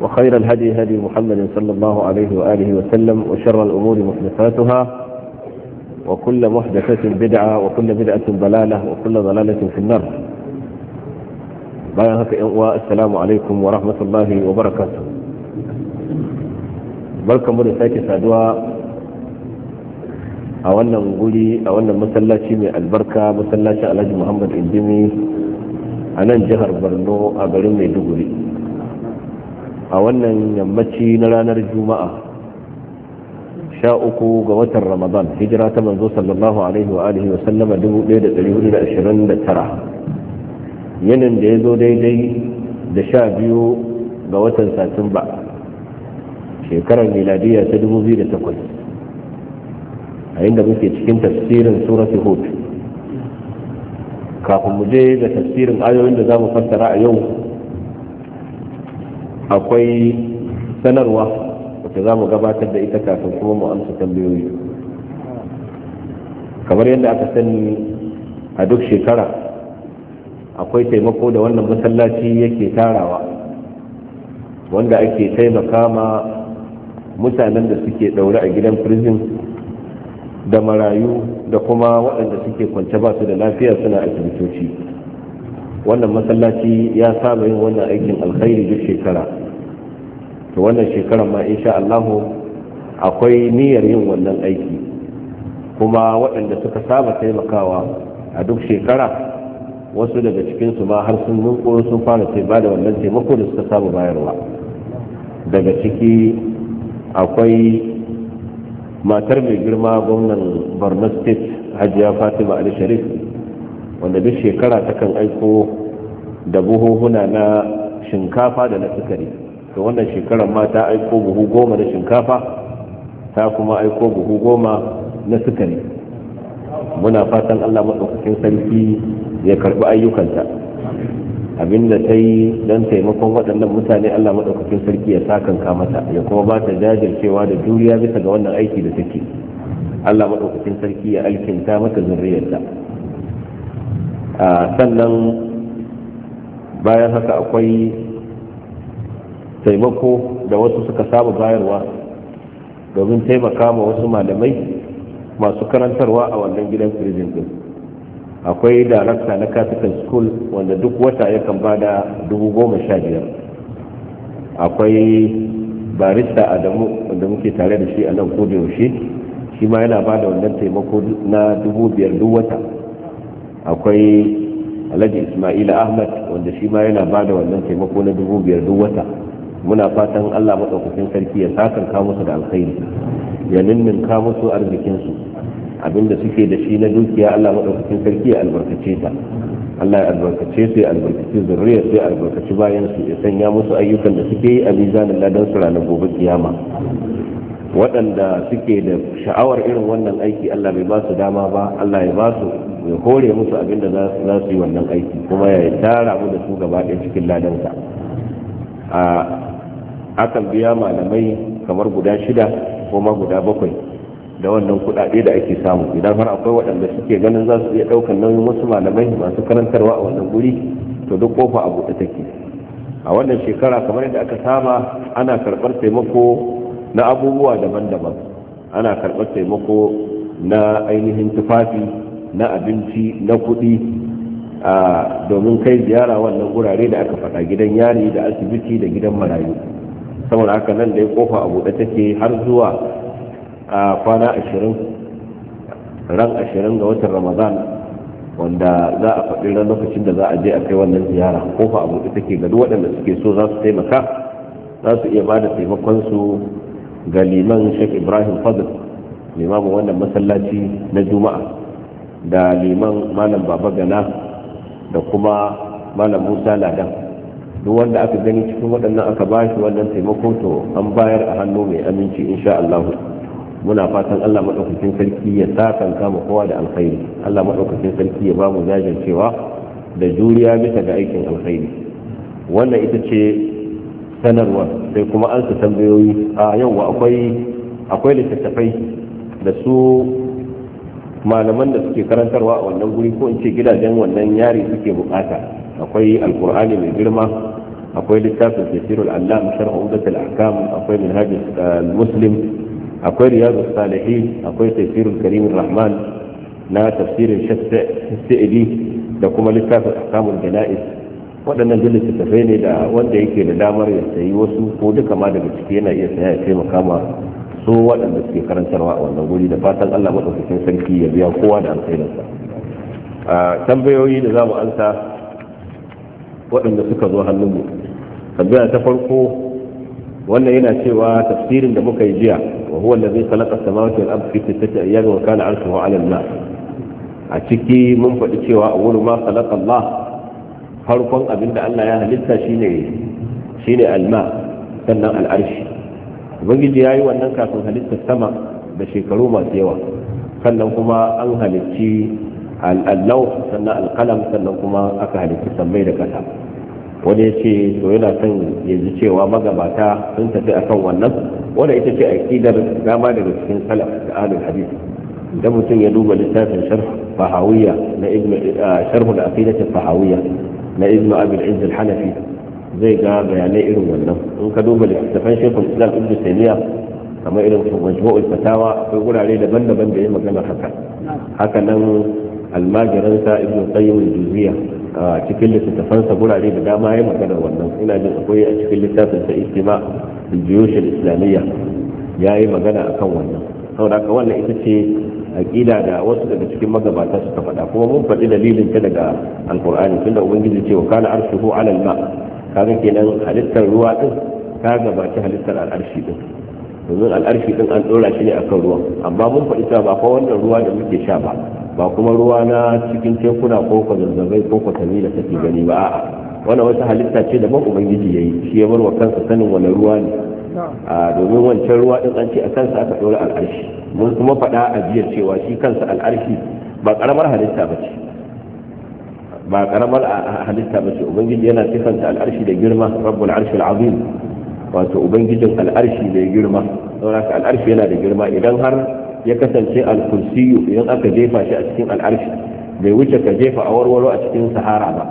وخير الهدي هدي محمد صلى الله عليه وآله وسلم وشر الأمور محدثاتها وكل محدثة بدعة وكل بدعة ضلالة وكل ضلالة في النار السلام عليكم ورحمة الله وبركاته barkan mu da sake saduwa a wannan guri a wannan masallaci mai albarka masallacin alhaji muhammad indimi a nan jihar borno a garin maiduguri a wannan yammaci na ranar juma'a sha uku ga watan ramadan hijira ta manzo sallallahu alaihi wa alihi wa sallama 1429 yanin da ya zo daidai da sha biyu ga watan satumba shekarar miladiya ta 2008 a inda muke cikin tafsirin surati hud kafin mu je ga tafsirin ayoyin da za mu fassara a yau akwai sanarwa wacce za mu gabatar da ita kafin kuma mu amsa tambayoyi kamar yadda aka sani a duk shekara akwai taimako da wannan masallaci yake tarawa wanda ake taimaka ma mutanen da suke ɗaure a gidan prison da marayu da kuma waɗanda suke kwance ba su da lafiya suna asibitoci wannan masallaci ya saba yin wannan aikin alkhairi duk shekara to wannan shekarar ma insha Allah akwai niyyar yin wannan aiki kuma waɗanda suka saba taimakawa a duk shekara wasu daga cikinsu ma har sun ninko sun fara ba da wannan taimako da suka saba bayarwa daga ciki akwai matar mai girma gwamnan borno state hajiya fatima ali sharif wanda duk shekara takan aiko da buhuhuna na shinkafa da na sukari to wannan shekarar ma ta aiko buhu goma na shinkafa ta kuma aiko buhu goma na sukari muna fatan allah maɗaukakin sarki ya karɓi ayyukanta abinda ta yi don taimakon waɗannan mutane allah maɗaukakin sarki ya sakanka mata ya kuma ba ta jajircewa da juriya bisa ga wannan aiki da take allah maɗaukakin sarki ya alkinta mata zurriyarta sannan bayan haka akwai taimako da wasu suka saba bayarwa domin taimaka ma wasu malamai masu karantarwa a wannan gidan firjin din akwai darakta na capital school wanda duk wata yakan ba da biyar akwai barista adamu wanda muke tare da shi a nan ko da yaushe shi ma yana ba da wannan taimako na dubu biyar duk wata akwai alhaji ismaila ahmad wanda shi ma yana ba da wannan taimako na dubu biyar duk wata muna fatan Allah maɗaukakin sarki ya ka musu da alkhairi ya ka musu arzikinsu abinda suke da shi na dukiya Allah maɗaukakin sarki ya albarkace ta Allah ya albarkace su ya albarkace zurriya su ya albarkaci bayan su ya sanya musu ayyukan da suke yi a mizanin ladan su ranar gobe kiyama waɗanda suke da sha'awar irin wannan aiki Allah bai ba su dama ba Allah ya ba su ya hore musu abinda za su yi wannan aiki kuma ya tara mu da su gaba ɗaya cikin ladansa a akan biya malamai kamar guda shida ko ma guda bakwai da wannan kuɗaɗe da ake samu idan har akwai waɗanda suke ganin za su iya ɗaukar nauyin wasu malamai masu karantarwa a wannan guri to duk kofa a buɗe take a wannan shekara kamar yadda aka saba ana karɓar taimako na abubuwa daban-daban ana karɓar taimako na ainihin tufafi na abinci na kuɗi domin kai ziyara wannan gurare da aka faɗa gidan yari da asibiti da gidan marayu saboda haka nan ya kofa a buɗe take har zuwa a kwana ashirin ran ashirin ga watan ramadan wanda za a faɗi ran lokacin da za a je a kai wannan ziyara kofa a buɗe take ga waɗanda suke so za su taimaka za su iya ba da taimakon su ga liman sheikh ibrahim fadl limamu wannan masallaci na juma'a da liman malam baba gana da kuma malam musa ladan duk wanda aka gani cikin waɗannan aka ba shi wannan taimako to an bayar a hannu mai aminci insha Allah muna fatan Allah madaukakin sarki ya sakan kama kowa da alkhairi Allah madaukakin sarki ya ba mu jajircewa da juriya bisa ga aikin alkhairi wannan ita ce sanarwa sai kuma an su tambayoyi a yau akwai akwai littattafai da su malaman da suke karantarwa a wannan guri ko in ce gidajen wannan yari suke bukata akwai alkur'ani mai girma akwai littafin tafsirul allam sharh umdat ahkam akwai minhaj muslim akwai riyadus salihin akwai tafsirul karim rahman na tafsirin shafi'i da kuma littafin ahkamul janaiz waɗannan duk littattafai ne da wanda yake da damar ya sayi wasu ko duka ma daga ciki yana iya saya ya taimaka ma su waɗanda suke karantarwa a wannan guri da fatan Allah maɗaukakin sarki ya biya kowa da alkhairinsa tambayoyi da za mu ansa waɗanda suka zo hannunmu tambaya ta farko wannan yana cewa tafsirin da muka yi jiya wa huwa allazi khalaqa samawati wal ardi fi sittati ayyamin wa kana arshuhu 'ala al-ma a ciki mun faɗi cewa awwalu ma khalaqa Allah farkon abinda Allah ya halitta shine shine al-ma sannan al-arshi ubangiji yi wannan kafin halittar sama da shekaru masu yawa sannan kuma an halicci al'allau sannan alkalam sannan kuma aka halittu sammai da kasa wani ya ce to yana son ya ji cewa magabata sun tafi akan wannan wanda ita ce aƙidar dama daga cikin salaf da alul hadis idan mutum ya duba littafin sharh fahawiya na ibnu sharh da aqidatul fahawiya na ibnu izz al-hanafi zai ga bayanai irin wannan in ka duba littafin shaykhul islam ibnu taymiya kamar irin majmu'ul fatawa akwai gurare daban-daban da ya magana haka haka nan sa ibn qayyim al-juziyya a cikin littattafansa gurare da dama ya magana wannan ina jin akwai a cikin littafin sa istima al-juyush al-islamiyya yayi magana akan wannan saboda haka wannan ita ce aqida da wasu daga cikin magabata suka faɗa kuma mun faɗi dalilin ta daga alqur'ani tunda ubangiji ce wa kana arshuhu ala al-ma kaga kenan halittar ruwa din ta gabaci halittar al'arshi din domin al'arshi din an dora shi ne akan ruwan amma mun faɗi ta ba fa wannan ruwa da muke sha ba ba kuma ruwa na cikin tekuna ko zanzabai ko kwatanni da take gani ba a'a wannan wata halitta ce da ban ubangiji yayi shi ya bar kansa sanin wani ruwa ne a domin wancan ruwa din an ce a kansa aka dora al'arshi mun kuma faɗa a jiya cewa shi kansa al'arshi ba karamar halitta ba ce ba karamar halitta ba ce ubangiji yana sifanta al'arshi da girma rabbul arshil azim wato ubangijin al'arshi mai girma sauraka al'arshi yana da girma idan har ya kasance al-kursiyu idan aka jefa shi a cikin al'arshi bai wuce ka jefa a warwaro a cikin sahara ba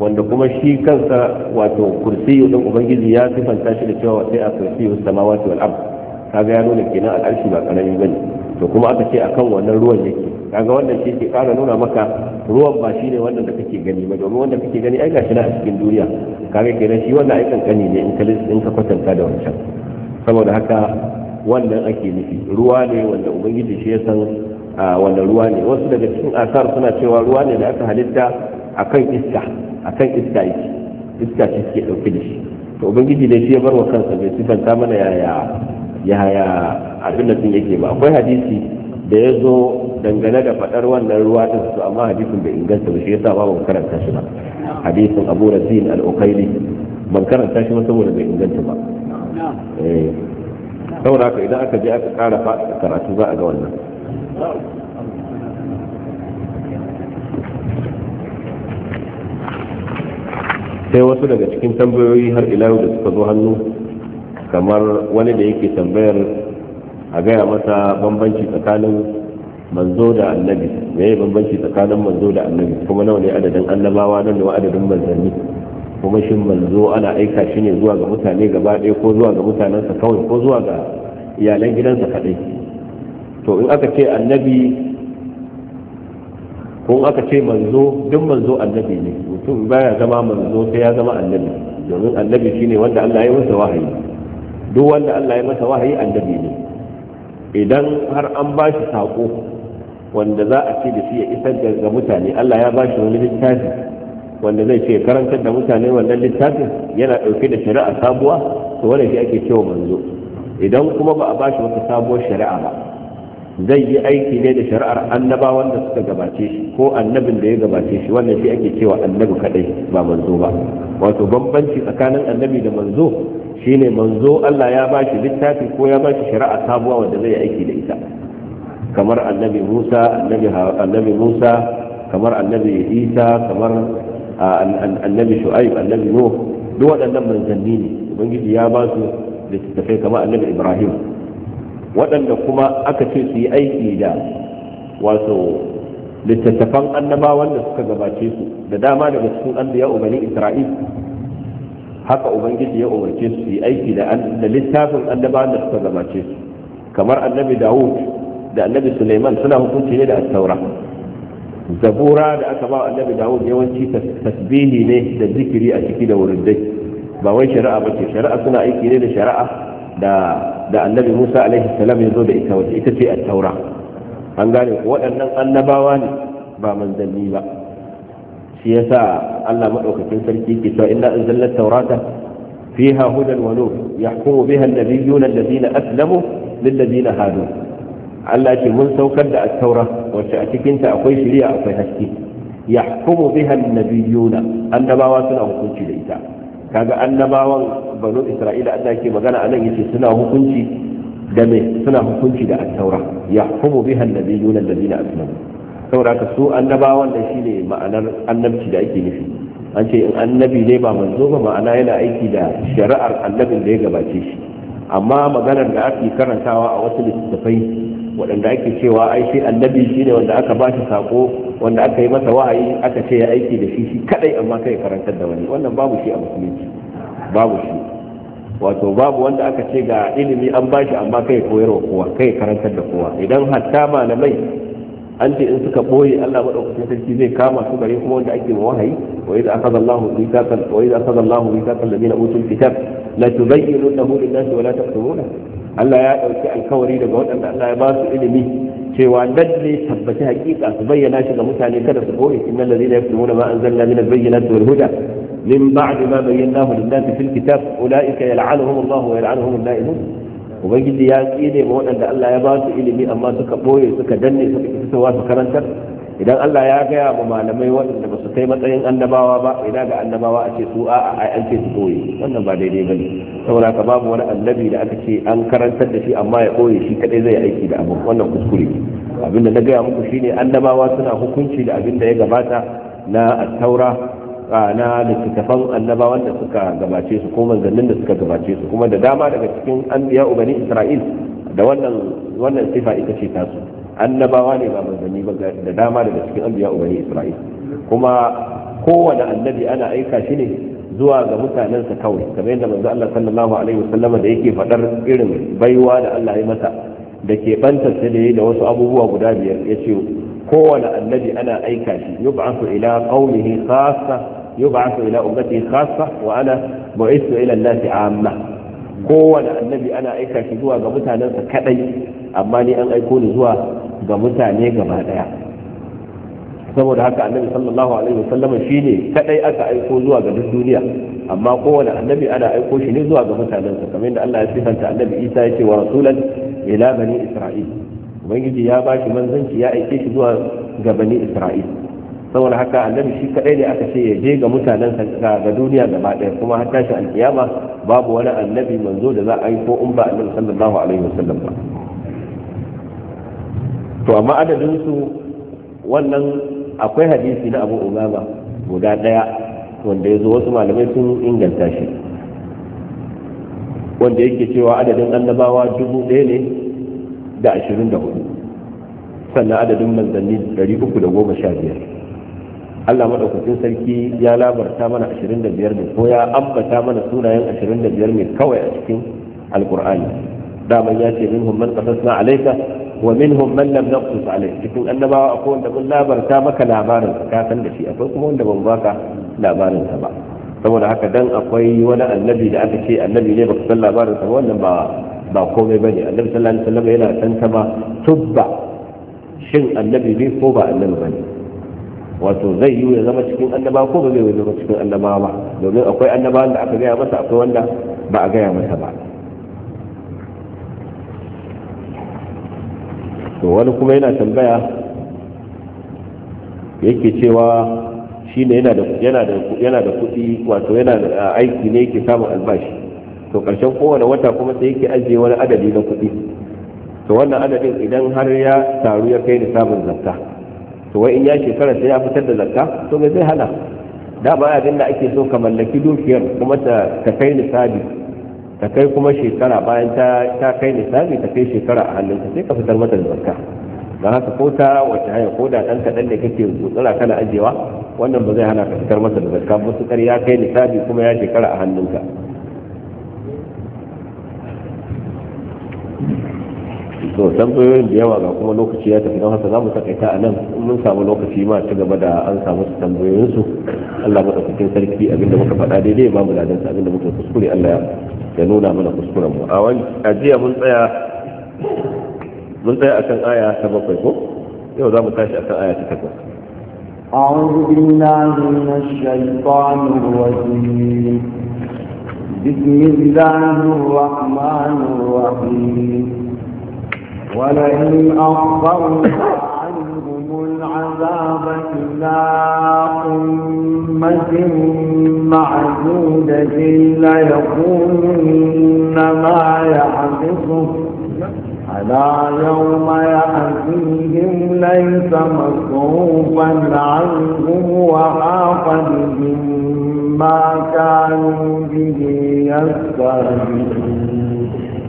wanda kuma shi kansa wato kursiyu din ubangiji ya sifanta shi da cewa sai a kursiyu samawati wal ard kaga ya nuna kenan al'arshi ba karami bane to kuma aka ce akan wannan ruwan yake kaga wannan shi ke kara nuna maka ruwan ba shine wannan da kake gani ba domin wanda kake gani ai gashi na a cikin duniya kaga kenan shi wannan ai kankani ne in ka in ka kwatanta da wancan saboda haka wannan ake nufi ruwa ne wanda ubangiji shi ya san wanda ruwa ne wasu daga cikin asar suna cewa ruwa ne da aka halitta akan iska akan iska yake iska ce ke dauke da shi to ubangiji ne shi ya bar wa kansa bai sifanta mana yaya yahaya abin da sun yake ba akwai hadisi da ya zo dangane da fadar wannan ruwa ta su amma hadisin bai inganta ba shi yasa ba ban karanta shi ba hadisin abu razin al-ukaili ban karanta shi ba saboda bai inganta ba eh, saboda haka idan aka je aka kara faɗa karatu za a ga wannan sai wasu daga cikin tambayoyi har ila yau da suka zo hannu kamar wani da yake tambayar a gaya masa bambanci tsakanin manzo da annabi me ya bambanci tsakanin manzo da annabi kuma nawa ne adadin annabawa nan da adadin manzanni kuma shin manzo ana aika shi ne zuwa ga mutane gaba ɗaya ko zuwa ga mutanensa kawai ko zuwa ga iyalan gidansa kaɗai to in aka ce annabi ko in aka ce manzo duk manzo annabi ne mutum baya zama manzo sai ya zama annabi domin annabi shine wanda Allah ya yi masa wahayi duk wanda Allah ya masa wahayi annabi ne idan har an ba shi sako wanda za a ce da shi ya isar ga mutane Allah ya ba shi wani littafi wanda zai ce karantar da mutane wannan littafin yana ɗauke da shari'a sabuwa to wanda shi ake cewa manzo idan kuma ba a ba shi wata sabuwar shari'a ba zai yi aiki ne da shari'ar annabawan da suka gabace shi ko annabin da ya gabace shi wannan shi ake cewa annabi kadai ba manzo ba wato bambanci tsakanin annabi da manzo shine manzo Allah ya ba shi littafi ko ya ba shi shari'a sabuwa wanda zai aiki da ita kamar annabi Musa annabi annabi Musa kamar annabi Isa kamar annabi Shu'aib annabi Nuh duk waɗannan manzanni ne ubangiji ya ba su littattafai kamar annabi Ibrahim waɗanda kuma aka ce su yi aiki da wato littattafan annabawan da suka gabace su da dama daga cikin anbiya ubani isra'il haka ubangiji ya umarce su yi aiki da littafin annabawan da suka gabace su kamar annabi dawud da annabi suleiman suna hukunci ne da attaura zabura da aka ba annabi dawud yawanci tasbihi ne da zikiri a ciki da wurin dai ba wai shari'a ba ce shari'a suna aiki ne da shari'a da da annabi Musa alaihi salam ya zo da ita wacce ita ce at-taura an gane waɗannan annabawa ne ba manzanni ba shi yasa Allah madaukakin sarki ke cewa inna anzalna at-taurata fiha hudan wa nur yahkumu biha an-nabiyyuna alladhina aslamu lilladhina hadu Allah ce mun saukar da at-taura wacce a cikinta akwai shari'a akwai haske yahkumu biha an-nabiyyuna suna hukunci da ita kaga annabawan banu isra'ila Allah yake magana anan yace suna hukunci da me suna hukunci da at-taura yahkumu biha an alladhina aslamu saboda haka su annabawan da shine ma'anar annabci da ake nufi an ce in annabi ne ba manzo ba ma'ana yana aiki da shari'ar annabin da ya gabace shi amma maganar da ake karantawa a wasu littattafai waɗanda ake cewa ai sai annabi shine wanda aka ba shi sako wanda aka yi masa wa'ayi aka ce ya aiki da shi shi kadai amma kai karantar da wani wannan babu shi a musulunci babu shi wato babu wanda aka ce ga ilimi an bashi amma kai koyarwa kowa kai karantar da kowa idan hatta malamai an ce in suka boye Allah madaukakin sarki zai kama su gare kuma wanda ake ma wahayi wa idza akhadha Allahu mithaqal wa idza akhadha Allahu mithaqal alladhina utul kitab la tubayyinunahu lin-nasi wa la taktumunahu Allah ya ɗauki alkawari daga waɗanda Allah ya ba su ilimi cewa lalle tabbaci hakika su bayyana shi ga mutane kada su boye innal ladina yaktumuna ma anzalna min al wal huda min ba'd ma bayyanahu lin-nasi fil kitab ulaika yal'anuhum Allah wa yal'anuhum al-la'inun ubangiji ya tsine ma waɗanda Allah ya ba su ilimi amma suka boye suka danne suka kisa su karantar idan Allah ya gaya mu malamai waɗanda ba su kai matsayin annabawa ba ina ga annabawa a ce su a a an ce su koyi wannan ba daidai ba ne saboda ka babu wani annabi da aka ce an karantar da shi amma ya koyi shi kadai zai aiki da abu wannan kuskure abinda na gaya muku shine annabawa suna hukunci da abin da ya gabata na taura na littattafan annabawan da suka gabace su ko manzannin da suka gabace su kuma da dama daga cikin anbiya ubani isra'il da wannan wannan sifa ita ce tasu annabawa ne ba manzanni ba da dama daga cikin anbiya ubani isra'il kuma kowane annabi ana aika shi ne zuwa ga mutanensa kawai kamar yadda manzo Allah sallallahu alaihi wasallama da yake fadar irin baiwa da Allah ya masa da ke banta sai da da wasu abubuwa guda biyar yace kowane annabi ana aika shi yub'athu ila qaumihi khassa yub'athu ila ummatihi khassa wa ana bu'ithu ila an-nasi 'amma kowane annabi ana aika shi zuwa ga mutanensa kadai amma ni an aiko ni zuwa ga mutane gaba daya saboda haka annabi sallallahu alaihi wasallam shine kadai aka aiko zuwa ga duk duniya amma kowane annabi ana aiko shi ne zuwa ga mutanensa kamar yadda Allah ya sifanta annabi Isa yake wa rasulan ila bani Isra'il ubangiji ya bashi manzanci ya aike shi zuwa ga bani Isra'il saboda haka annabi shi kadai ne aka ce ya je ga mutanen ga duniya gaba ɗaya kuma har tashi alkiyama babu wani annabi manzo da za a yi ko in ba annabi sallallahu alaihi wasallam ba to amma adadin su wannan akwai hadisi na Abu Umama guda ɗaya wanda ya zo wasu malamai sun inganta shi wanda yake cewa adadin annabawa dubu ɗaya ne da ashirin da hudu sannan adadin manzanni ɗari uku da goma sha biyar Allah madaukakin sarki ya labarta mana 25 ne ko ya ambata mana sunayen 25 ne kawai a cikin alkur'ani daman ya ce minhum man qasasna alayka wa minhum man lam naqsus alayka cikin annabawa akwai wanda mun labarta maka labarin ka san da shi akwai kuma wanda ban baka labarin sa ba saboda haka dan akwai wani annabi da aka ce annabi ne baka san labarin sa ba wannan ba ba komai bane annabi sallallahu alaihi wasallam yana tantama tubba shin annabi ne ko ba annabi bane wato zai yi ya zama cikin annaba ko ba zai zama cikin annaba ba domin akwai annaba da aka gaya masa akwai wanda ba a gaya masa ba to wani kuma yana tambaya yake cewa shi ne yana da yana da kuɗi wato yana da aiki ne yake samun albashi to ƙarshen kowane wata kuma sai yake ajiye wani adadi na kuɗi to wannan adadin idan har ya taru ya kai ni samun zakka to wai in ya shekara sai ya fitar da zakka to me zai hana da ba abin da ake so ka mallaki dukiyar kuma ta kai nisabi ta kai kuma shekara bayan ta kai nisabi ta kai shekara a hannunka sai ka fitar mata da zakka don haka ko ta wace hanya ko da ɗan kaɗan ne kake gutsura kana ajewa wannan ba zai hana ka fitar masa da zakka ba su ya kai nisabi kuma ya shekara a hannunka tambayoyin da yawa ga kuma lokaci ya tafi don haka za mu takaita a nan mun samu lokaci ma ci gaba da an samu su tambayoyin su Allah madaukakin sarki abinda muka faɗa daidai ba mu ladan sa abinda muka kuskure Allah ya nuna mana kuskuren mu a wani ajiya mun tsaya mun tsaya akan aya ta bakwai ko yau za mu tashi akan aya ta takwas أعوذ بالله من الشيطان الرجيم بسم الله الرحمن الرحيم ولئن أخرنا عنهم العذاب إلى أمة معدودة ليقولن ما يحدثه ألا يوم يأتيهم ليس مصروفا عنهم وحاق بهم ما كانوا به يستهزئون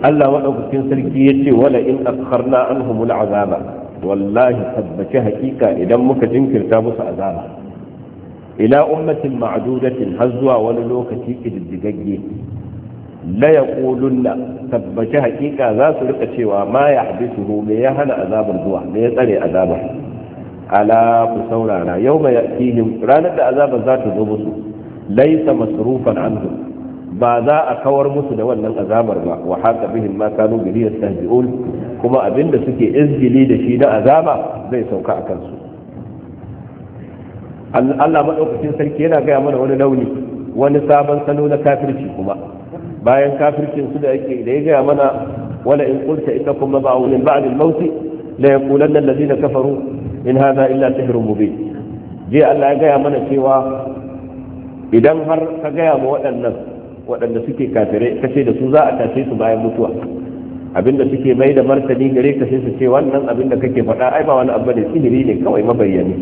Allah maɗaukakin sarki ya ce wala in akharna anhumul azaba wallahi tabbace hakika idan muka jinkirta musu azaba ila ummatin ma'dudatin har zuwa wani lokaci kididdigagge la yaqulunna Tabbace hakika za su rika cewa ma ya habisuhu me ya hana azabar zuwa me ya tsare azabar ala ku saurara yau mai ranar da azabar za ta zo musu laisa masrufan anhum ba za a kawar musu da wannan azabar ba wa haka bihim ma kanu bi yastahzi'un kuma abinda suke izgili da shi na azaba zai sauka a kansu Allah madaukakin sarki yana gaya mana wani launi wani sabon salo na kafirci kuma bayan kafircin su da yake da ya gaya mana wala in qulta innakum mab'un ba'd al-maut la yaqulanna alladhina kafaru in hadha illa sihrun mubin je Allah ya gaya mana cewa idan har ka gaya ma waɗannan waɗanda suke kafirai kashe da su za a kashe su bayan mutuwa abinda suke mai da martani gare ka sai su ce wannan abin da kake faɗa ai ba wani abu ne sihiri ne kawai mabayyani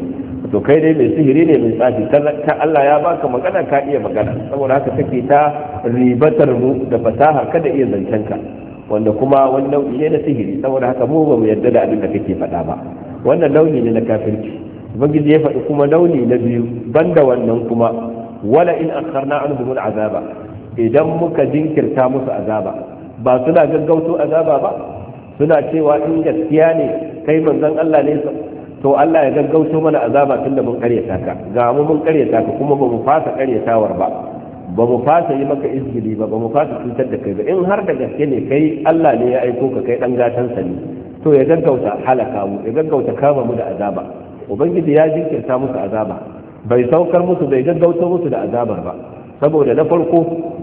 to kai dai mai sihiri ne mai tsafi ta Allah ya baka magana ka iya magana saboda haka take ta ribatar mu da fasaha kada iya zancen ka wanda kuma wani nau'i ne na sihiri saboda haka mu ba mu yarda da abin da kake faɗa ba wannan launi ne na kafirci ubangiji ya faɗi kuma launi na biyu banda wannan kuma wala in akharna anhum al'azaba idan muka jinkirta musu azaba ba suna gaggauto azaba ba suna cewa in gaskiya ne kai manzon Allah ne to Allah ya gaggauto mana azaba tunda mun karyata ka ga mu mun karyata ka kuma ba mu fasa karyatawar ba ba mu fasa yi maka izgili ba ba mu fasa cutar da kai ba in har da gaske ne kai Allah ne ya aiko ka kai dan gatan sa ne to ya gaggauta halaka mu ya gaggauta kama mu da azaba ubangiji ya jinkirta musu azaba bai saukar musu bai gaggauto musu da azabar ba saboda na farko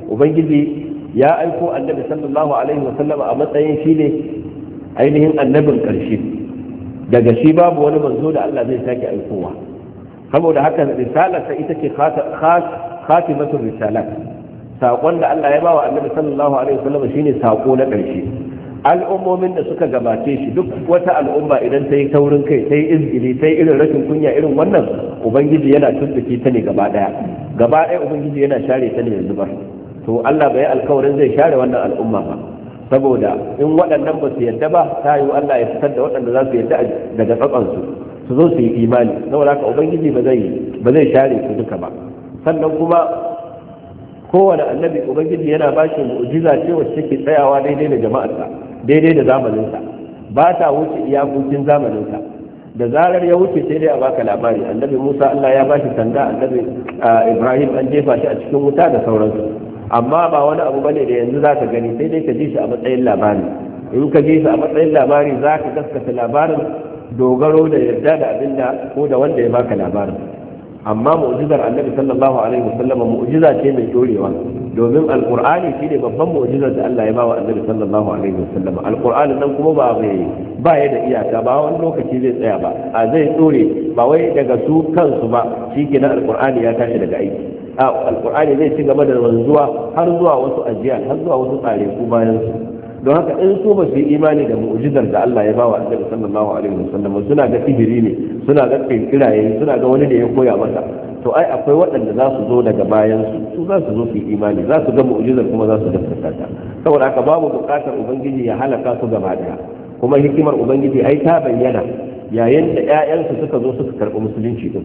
ubangiji ya aiko annabi sallallahu alaihi wasallam a matsayin shi ne ainihin annabin karshe daga shi babu wani manzo da Allah zai sake aikowa saboda haka risalarsa ita ce khatimatul risalat saƙon da Allah ya ba wa annabi sallallahu alaihi wasallam shine saƙo na ƙarshe al'ummomin da suka gabace shi duk wata al'umma idan ta yi taurin kai ta yi izgili ta yi irin rashin kunya irin wannan ubangiji yana tuntuki ta ne gaba daya gaba daya ubangiji yana share ta ne yanzu ba to Allah bai alkawarin zai share wannan al'umma ba saboda in waɗannan ba su yadda ba ta yi Allah ya fitar da waɗanda za su yadda daga tsakan su zo su yi imani saboda haka ubangiji ba zai ba zai share su duka ba sannan kuma kowane annabi ubangiji yana ba shi mu'jiza ce wacce take tsayawa daidai da jama'arsa daidai da zamaninsa ba ta wuce iyakokin zamaninsa da zarar ya wuce sai dai a baka labari annabi musa allah ya bashi sanda annabi ibrahim an jefa shi a cikin wuta da sauransu amma ba wani abu bane da yanzu za ka gani sai dai ka ji shi a matsayin labari in ka ji shi a matsayin labari za ka gaskata labarin dogaro da yarda da abin da ko da wanda ya baka labarin amma mu'jizar annabi sallallahu alaihi wasallam mu'jiza ce mai dorewa domin alqur'ani shine babban mu'jizar da Allah ya bawa annabi sallallahu alaihi wasallam alqur'ani nan kuma ba bai ba ya da iyaka ba wani lokaci zai tsaya ba a zai tsore ba wai daga su kansu ba shi kenan alqur'ani ya tashi daga aiki A alqur'ani zai ci gaba da wanzuwa har zuwa wasu ajiya har zuwa wasu tsare ku bayan su don haka in su ba su yi imani da mu'jizar da Allah ya bawa annabi sallallahu alaihi wasallam suna ga sihiri ne suna ga kinkiraye suna ga wani da ya koya masa to ai akwai waɗanda za su zo daga bayan su su za su zo su yi imani za su ga mu'jizar kuma za su gaskata ta saboda haka babu buƙatar ubangiji ya halaka su gaba ɗaya kuma hikimar ubangiji ai ta bayyana yayin da ƴaƴansu suka zo suka karɓi musulunci din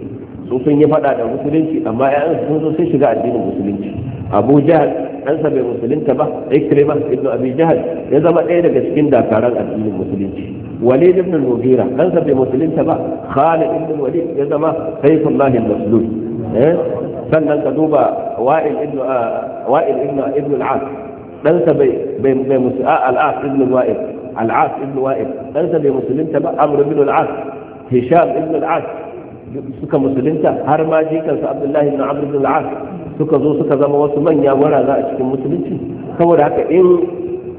su sun yi faɗa da musulunci amma ƴaƴansu sun zo sun shiga addinin musulunci abu jahal ɗansa bai musulunta ba ikrima ibnu abi jahal ya zama ɗaya daga cikin dakaran addinin musulunci walid ibn al-mughira ɗansa bai musulunta ba khalid ibn walid ya zama sayfullah al-maslul Eh, sannan ka duba wa'il ibn ah, wa'il ibn ibn al-as dan sa bai bai musu ah, al-as ibn wa'il al-as ibn wa'il dan sa bai musulunta ba amr ibn al-as hisham ibn al-as suka musulunta har ma jikansa abdullahi ibn amr ibn al-as suka zo suka zama wasu manya waraza a cikin musulunci saboda haka in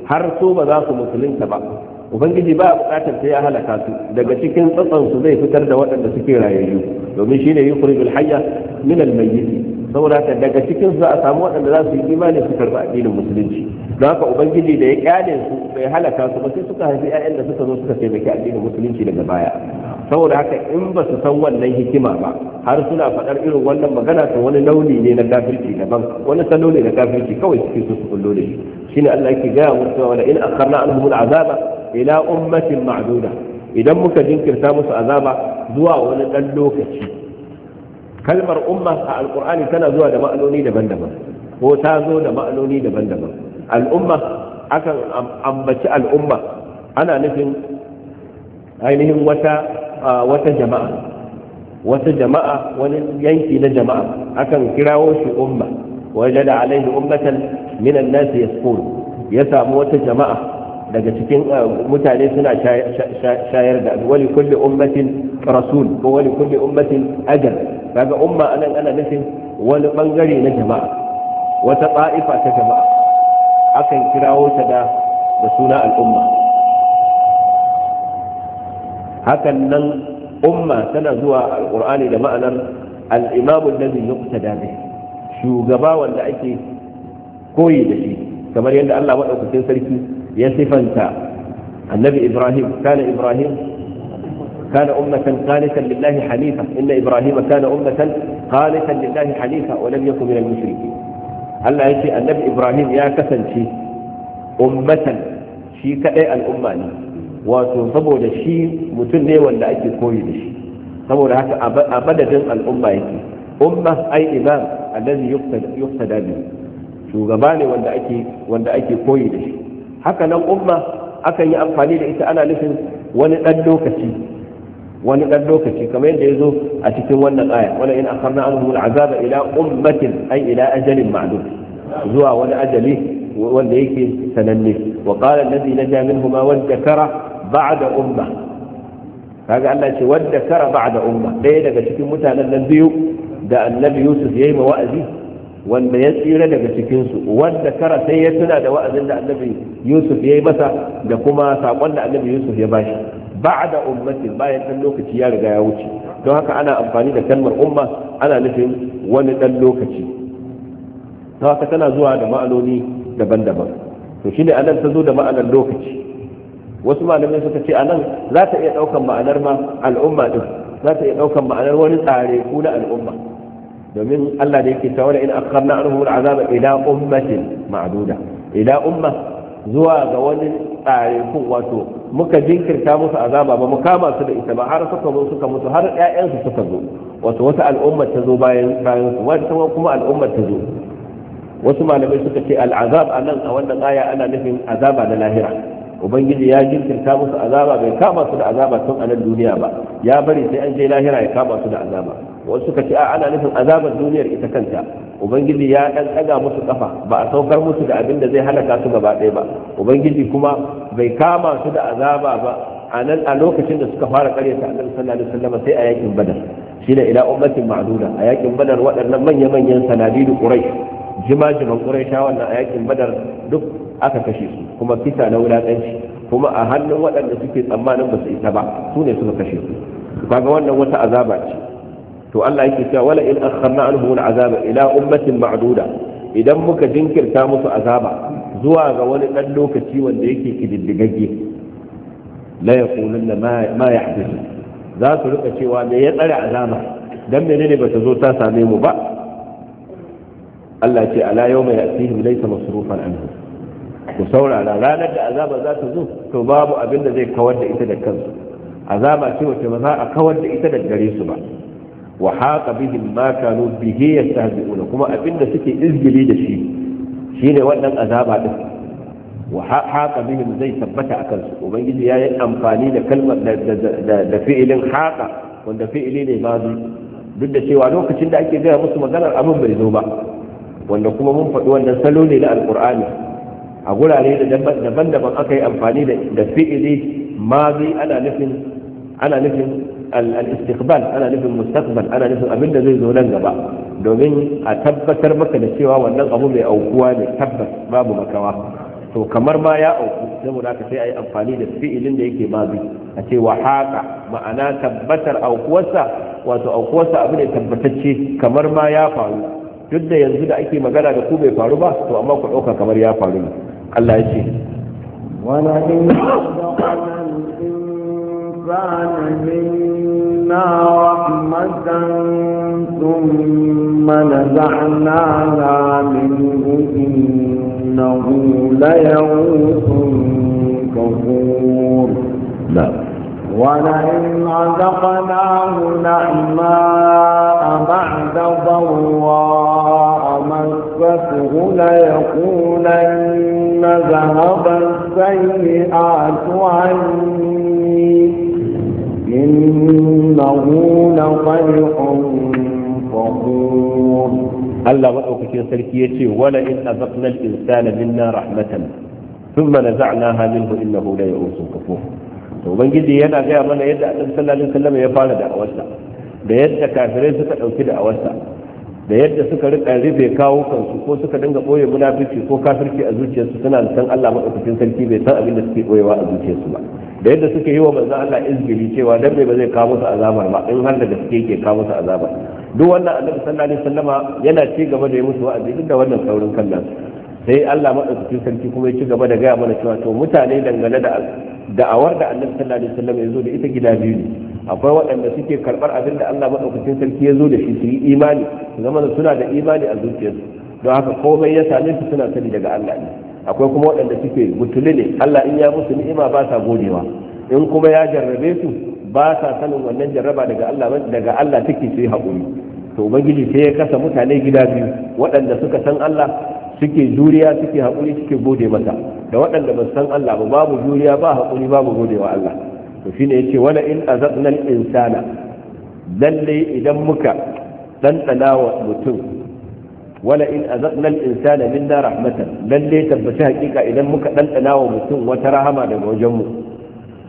har so ba za su musulunta ba ubangiji ba bukatar sai ya halaka su daga cikin tsatsan su zai fitar da waɗanda suke rayayyu domin shine yukhrijul hayya min al-mayyit saboda haka daga cikin za a samu waɗanda za su yi imani su karɓi addinin musulunci don haka ubangiji da ya kyale su bai halaka su ba sai suka haifi ƴaƴan da suka zo suka taimaki addinin musulunci daga baya saboda haka in ba su san wannan hikima ba har suna faɗar irin wannan magana to wani launi ne na kafirci daban wani ta ne na kafirci kawai suke so su kullo da shi shine Allah yake gaya musu wala in akharna anhum al'azaba ila ummatin ma'duda idan muka jinkirta musu azaba zuwa wani dan lokaci kalmar umma a alkur'ani tana zuwa da ma'anoni daban-daban ko ta zo da ma'anoni daban-daban al'umma akan ambaci al'umma ana nufin ainihin wata wata jama'a wata jama'a wani yanki na jama'a akan kirawo shi umma wajada alaihi ummatan min an-nas ya samu wata jama'a daga cikin eh, mutane suna shayar da wani kulle ummatin rasul ko wani kulle ummatin ajal kaga umma anan ana nufin wani bangare na jama'a wata ta'ifa ta jama'a akan kirawo ta da da suna al'umma hakan nan umma tana zuwa alqur'ani da ma'anar al da allazi yuqtada bih shugaba wanda ake koyi da shi kamar yadda Allah madaukakin sarki ya sifanta annabi ibrahim kana ibrahim كان أمة قانتا لله حنيفة إن إبراهيم كان أمة قانتا لله حنيفة ولم يكن من المشركين الله يشي النبي إبراهيم يا كسن شي أمة شي كأي الأمة لي وتصبوا لشي متنة ولا أجي كوي لشي صبوا لهك أبدا الأمة يكي أمة أي إمام الذي يقتدى به شو غباني ولا أجي ولا أجي كوي لشي haka nan umma akan yi amfani da ita ana nufin wani ɗan lokaci wani ɗan lokaci kamar yadda ya zo a cikin wannan aya wani in akarna amhum azaba ila ummatin ay ila ajalin ma'lum zuwa wani ajali wanda yake sananne wa qala allazi naja minhuma wa dhakara ba'da umma kaga Allah ce wadda ba'da umma ɗaya daga cikin mutanen nan biyu da annabi Yusuf yayi ma wa'azi wanda ya tsira daga cikinsu wanda kara sai ya tuna da wa'azin da annabi yusuf ya yi masa da kuma saƙon da annabi yusuf ya bashi ba da ummatin bayan ɗan lokaci ya riga ya wuce don haka ana amfani da kalmar umma ana nufin wani ɗan lokaci don haka tana zuwa da ma'anoni daban-daban to shine anan ta zo da ma'anar lokaci wasu malamai suka ce anan za ta iya ɗaukan ma'anar ma al'umma ɗin za ta iya ɗaukan ma'anar wani tsare ku na al'umma domin Allah da yake cewa in akharna anhum al'azaba ila ummatin ma'duda ila umma zuwa ga wani tsare kun wato muka jinkirta musu azaba ba mu kama su da ita ba har suka zo suka mutu har ƴaƴan su suka zo wato wata al'umma ta zo bayan bayan su wata kuma al'umma ta zo wasu malamai suka ce al'azab anan a wannan aya ana nufin azaba na lahira ubangiji ya jinkirta musu azaba bai kama su da azaba tun a nan duniya ba ya bari sai an je lahira ya kama su da azaba wasu suka ce ana nufin azabar duniyar ita kanta ubangiji ya dan tsaga musu kafa ba a saukar musu da abin da zai halaka su gaba ɗaya ba ubangiji kuma bai kama su da azaba ba a nan a lokacin da suka fara karya ta annabi sallallahu alaihi wasallam sai a yakin badar shine ila ummatin ma'duda a yakin badar waɗannan manya manyan sanadidu quraish jima-jiman quraisha wannan a yakin badar duk aka kashe su kuma kisa na wulaƙanci kuma a hannun waɗanda suke tsammanin ba su isa ba su ne suka kashe su kaga wannan wata azaba ce to Allah yake cewa wala in akharna anhu al'azaba ila ummatin ma'duda idan muka jinkirta musu azaba zuwa ga wani dan lokaci wanda yake kididdigagge la yaqulunna ma yahdathu za su rika cewa me ya tsare azaba dan menene ta zo ta same mu ba Allah ce ala yawma ya'tihim laysa masrufan anhu ku saurara ranar da azaba za ta zo to babu abin da zai kawar da ita da kansu azaba ce wacce ba za a kawar da ita da gare su ba wa haqa bihim ma kanu bihi yastahzi'una kuma abinda suke izgili da shi shine wannan azaba din wa haqa bihim zai tabbata akan su ubangiji ya yi amfani da kalmar da fi'ilin haqa wanda fi'ili ne mazi duk da cewa lokacin da ake gaya musu maganar abin bai zo ba wanda kuma mun faɗi wannan salo ne na Alƙur'ani, a gurare daban-daban aka yi amfani da fi'ili mazi ana nufin ana nufin al istikbal ana nufin mustaqbal ana nufin abin da zai zo nan gaba domin a tabbatar maka da cewa wannan abu mai aukuwa ne tabbas babu makawa to kamar ma ya auku saboda haka sai a yi amfani da fi'ilin da yake mazi a ce wa haka ma'ana tabbatar aukuwarsa wato aukuwarsa abu ne tabbatacce kamar ma ya faru duk da yanzu da ake magana da ku bai faru ba to amma ku ɗauka kamar ya faru ne Allah ya ce wani كان منا رحمة ثم نزعناها منه إنه ليئوس كفور لا نعم. ولئن عزقناه نعماء بعد ضراء مسته ليقولن ذهب السيئات عني إنه لفرح فخور Allah maɗaukakin sarki ya ce wala in azaqna al-insana minna rahmatan thumma naza'naha minhu innahu la ya'usu kafur to ubangiji yana gaya mana yadda annabi sallallahu alaihi wasallam ya fara awarsa da yadda kafirai suka dauki awarsa. da yadda suka rika rufe kawo kansu ko suka dinga boye munafurci ko kafirci a zuciyarsu suna da san Allah madaukakin sarki bai san abin da suke boyewa a zuciyarsu ba da yadda suka yi wa manzon Allah izgili cewa dan bai zai kawo musu azabar ba in har da gaske yake kawo musu azabar duk wannan annabi sallallahu alaihi wasallama yana ci gaba da yi musu wa'azi duk da wannan saurin kallon sai Allah maɗaukacin sarki kuma ya ci gaba da gaya mana cewa to mutane dangane da da'awar da Annabi sallallahu alaihi wasallam ya zo da ita gida biyu akwai waɗanda suke karɓar abin da Allah maɗaukacin sarki ya zo da shi su yi imani zama da suna da imani a zuciyarsu don haka komai ya same su suna sani daga Allah ne akwai kuma waɗanda suke mutuli ne Allah in ya musu ni'ima ba sa godewa in kuma ya jarrabe su ba sa sanin wannan jarraba daga Allah daga Allah take su yi haƙuri to ubangiji sai ya kasa mutane gida biyu waɗanda suka san Allah suke juriya suke haƙuri suke gode masa da waɗanda ba san Allah ba babu juriya ba haƙuri babu gode wa Allah to shine yace wala in azaqna al insana lalle idan muka dandana wa mutum wala in azaqna al insana minna rahmatan lalle tabbata hakika idan muka dandana wa mutum wata rahama daga wajen mu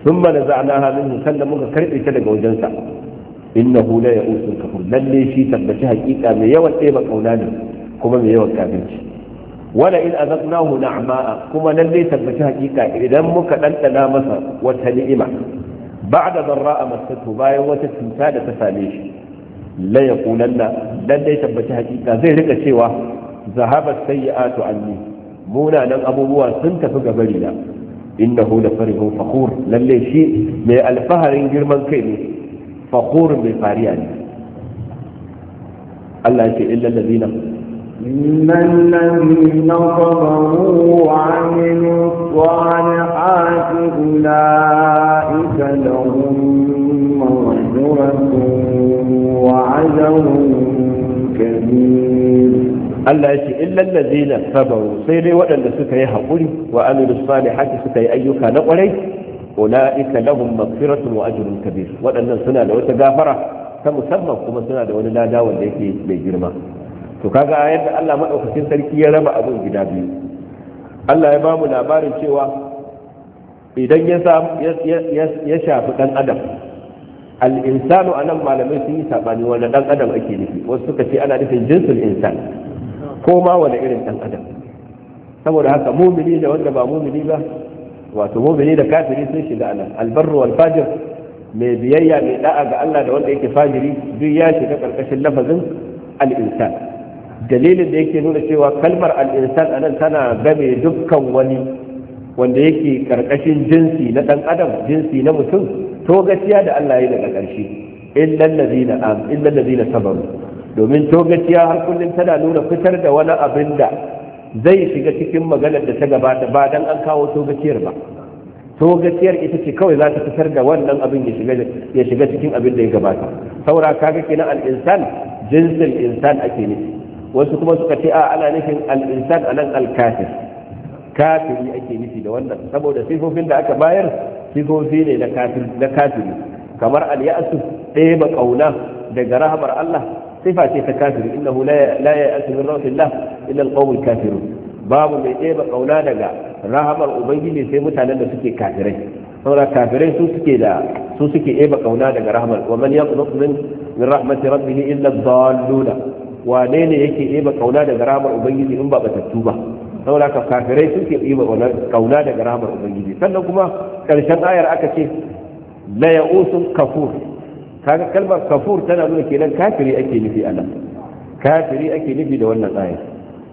thumma naza'naha minhu da muka karbe ta daga wajen sa innahu la ya'usul kafur lalle shi tabbata hakika mai yawan ɗeba kauna ne kuma mai yawan kafirci wala in azaqnahu na'ma'a kuma dai tabbaci hakika idan muka dandana masa wata ni'ima ba'da darra'a masatu bayan wata cuta da ta same shi la yaqulanna dai tabbaci hakika zai rika cewa zahabat sayyi'atu anni munanan abubuwa sun tafi gabari na innahu la farihun fakhur lalle shi mai alfaharin girman kai ne fakhur mai fariya ne Allah ya ce illal ladina من الذين صبروا وعملوا الصالحات أولئك لهم مغفرة وعجر كبير الله يشي إلا الذين صبروا سيري وأن سكي هقولي وأمل الصالحات سكي أيك نقولي أولئك لهم مغفرة وأجر كبير وأن سنة لو تغافرة كما سمى كما سنة لو نلا داول ليكي بجرمه to kaga yadda Allah madaukakin sarki ya raba abin gida biyu Allah ya bamu labarin cewa idan ya ya shafi dan adam al-insanu anan malamai sun yi sabani wanda dan adam ake nufi wasu suka ce ana nufin jinsul insan ko ma wani irin dan adam saboda haka mumini da wanda ba mumini ba wato mumini da kafiri sun shiga anan albarru wal fajir mai biyayya mai da'a ga Allah da wanda yake fajiri duk ya shiga karkashin lafazin al-insan dalilin da yake nuna cewa kalmar al'insan a nan tana game dukkan wani wanda yake ƙarƙashin jinsi na ɗan adam jinsi na mutum to gaciya da Allah ya daga karshe illal ladina am sabaru domin to har kullum tana nuna fitar da wani abin da zai shiga cikin maganar da ta gabata ba dan an kawo to ba to ita ce kawai za ta fitar da wannan abin ya shiga cikin abin da ya gabata saura kaga kenan al insan jinsin insan ake nufi wasu kuma suka ce a ana nufin alinsan insan anan al kafiri ake nufi da wannan saboda sifofin da aka bayar sifofi ne na kafiri kamar al-ya'su ɗaya ba daga rahamar Allah sifa ce ta kafiri innahu la ya'su min rahmatillah illa al-qawmul kafiru. babu mai ɗaya ba kauna daga rahamar ubangiji sai mutanen da suke kafirai saboda kafirai su suke da su suke ɗaya ba kauna daga rahamar wa man yaqnut min min rahmati illa ad-dalluna wane ne yake ɗeba kauna daga ramar ubangiji in ba batattu ba saboda ka kafirai suke ɗeba kauna daga ramar ubangiji sannan kuma ƙarshen ayar aka ce la ya'usun kafur kaga kalmar kafur tana nuna kenan kafiri ake nufi a nan kafiri ake nufi da wannan ayar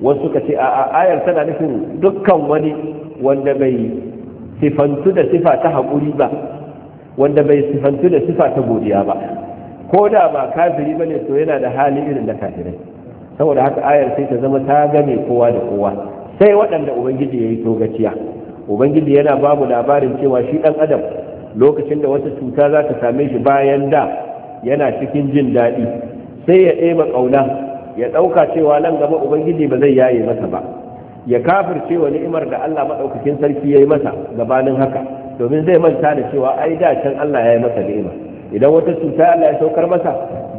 wasu ka ce a ayar tana nufin dukkan wani wanda bai sifantu da sifa ta haƙuri ba wanda bai sifantu da sifa ta godiya ba ko da ba kafiri ba ne to yana da hali irin da kafirai saboda haka ayar sai ta zama ta game kowa da kowa sai waɗanda ubangiji ya yi togaciya ubangiji yana babu labarin cewa shi ɗan adam lokacin da wata cuta za ta same shi bayan da yana cikin jin daɗi sai ya ɗeba ƙauna ya ɗauka cewa nan gaba ubangiji ba zai yaye masa ba ya kafircewa wa ni'imar da Allah maɗaukakin sarki ya yi masa gabanin haka domin zai manta da cewa ai da can Allah ya yi masa ni'ima idan wata cuta Allah ya saukar masa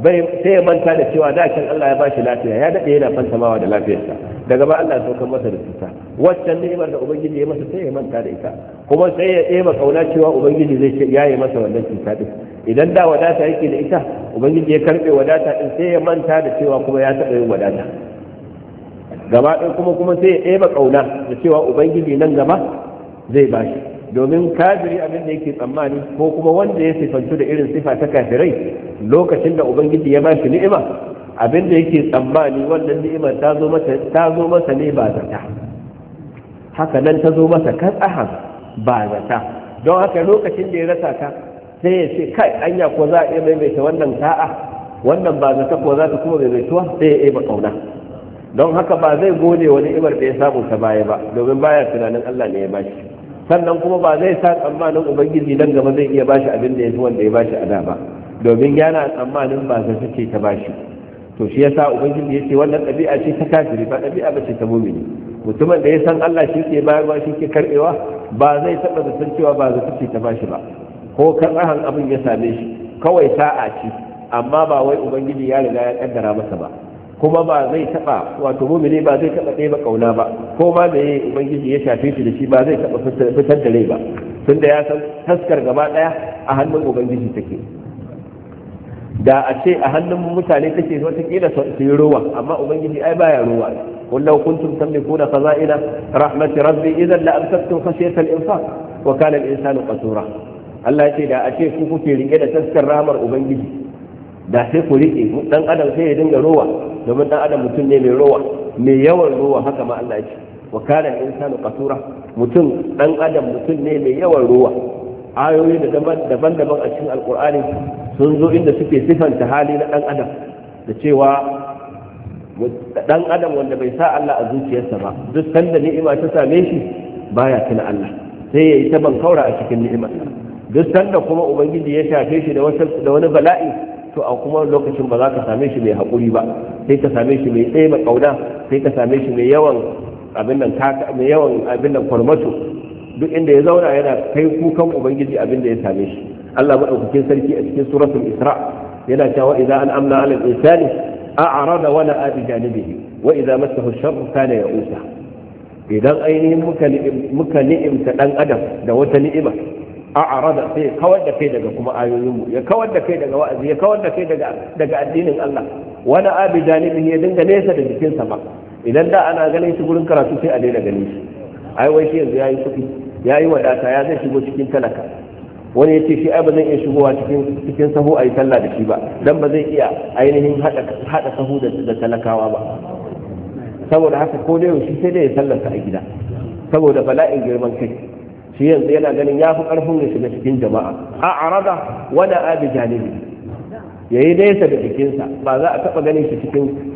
bai sai ya manta da cewa da kan Allah ya bashi lafiya ya dade yana fantamawa da lafiyarsa daga ba Allah ya saukar masa da cuta waccan ni'imar da ubangiji ya masa sai ya manta da ita kuma sai ya ɗeba kauna cewa ubangiji zai ya yi masa wannan cuta din idan da wadata yake da ita ubangiji ya karbe wadata din sai ya manta da cewa kuma ya taɓa yin wadata gaba ɗaya kuma kuma sai ya ɗeba kauna da cewa ubangiji nan gaba zai bashi domin kafiri abin da yake tsammani ko kuma wanda ya sifantu da irin sifa ta kafirai lokacin da ubangiji ya bashi ni'ima abin da yake tsammani wannan ni'ima ta zo masa ta zo masa ne ba zata haka nan ta zo masa katsahan ba zata don haka lokacin da ya rasa ta sai ya ce kai anya ko za a iya maimaita wannan sa'a wannan ba zata ko za ta kuma maimaituwa sai ya iya kauna don haka ba zai gode wani imar da ya samu ta baya ba domin baya tunanin Allah ne ya bashi sannan kuma ba zai sa tsammanin ubangiji nan gaba zai iya bashi abin da ya fi wanda ya bashi a ba domin yana tsammanin ba zai sace ta bashi to shi yasa ubangiji ya ce wannan ɗabi'a ce ta kafiri ba ɗabi'a ba ce ta mumini mutumin da ya san Allah shi ke bayarwa shi ke karɓewa ba zai taɓa da cewa ba zai sace ta bashi ba ko kan ahan abin ya same shi kawai sa'a ci. amma ba wai ubangiji ya riga ya kaddara masa ba kuma ba zai taba wato mumini ba zai taba ɗaya ba kauna ba ko ma mai ubangiji ya shafe shi da shi ba zai taba fitar da rai ba tunda ya san taskar gaba ɗaya a hannun ubangiji take da a ce a hannun mutane take watakila su yi ruwa amma ubangiji ai baya ruwa kullau kuntum tamlikuna khaza'ina rahmati rabbi idan la amsaktum khashiyata al-infaq wa kana al-insanu qasura Allah ya ce da a ce ku kuke rike da taskar rahmar ubangiji da sai ku riƙe dan adam sai ya dinga rowa domin dan adam mutum ne mai rowa mai yawan rowa haka ma Allah ya ce wa kana insanu qasura mutum dan adam mutum ne mai yawan rowa ayoyi da daban-daban a cikin alqur'ani sun zo inda suke sifanta hali na dan adam da cewa dan adam wanda bai sa Allah a zuciyarsa ba duk sanda ni'ima ta same shi baya tuna Allah sai ya yi ta bankaura a cikin ni'imar duk sanda kuma ubangiji ya shafe shi da wani bala'i to a kuma lokacin ba za ka same shi mai haƙuri ba sai ka same shi mai tsaye ƙauna sai ka same shi mai yawan abin nan mai yawan abin nan kwarmato duk inda ya zauna yana kai kukan ubangiji abin da ya same shi Allah madaukakin sarki a cikin suratul Isra yana cewa idza an amna ala al-insani a'rada wa la'a bi janibihi wa idza massahu sharr kana ya'usa idan ainihin muka ni'imta dan adam da wata ni'ima a'rada sai kawar da kai daga kuma ayoyinmu ya kawar da kai daga wa'azi ya kawar da kai daga daga addinin Allah wani abi janibi ya dinga nesa da sa ba idan da ana ganin shi gurin karatu sai a daina ganin shi ai wai shi yanzu yayi kuɗi yayi wadata ya zai shigo cikin talaka wani ya ce shi ai ba zan iya shigowa cikin cikin sahu ayi sallah da shi ba dan ba zai iya ainihin hada hada sahu da talakawa ba saboda haka ko da yaushe sai dai ya sallarsa a gida saboda bala'in girman kai shi yanzu yana ganin ya fi ƙarfin ya shiga cikin jama'a a arada wada abi janibi ya yi nesa da jikinsa ba za a taɓa ganin shi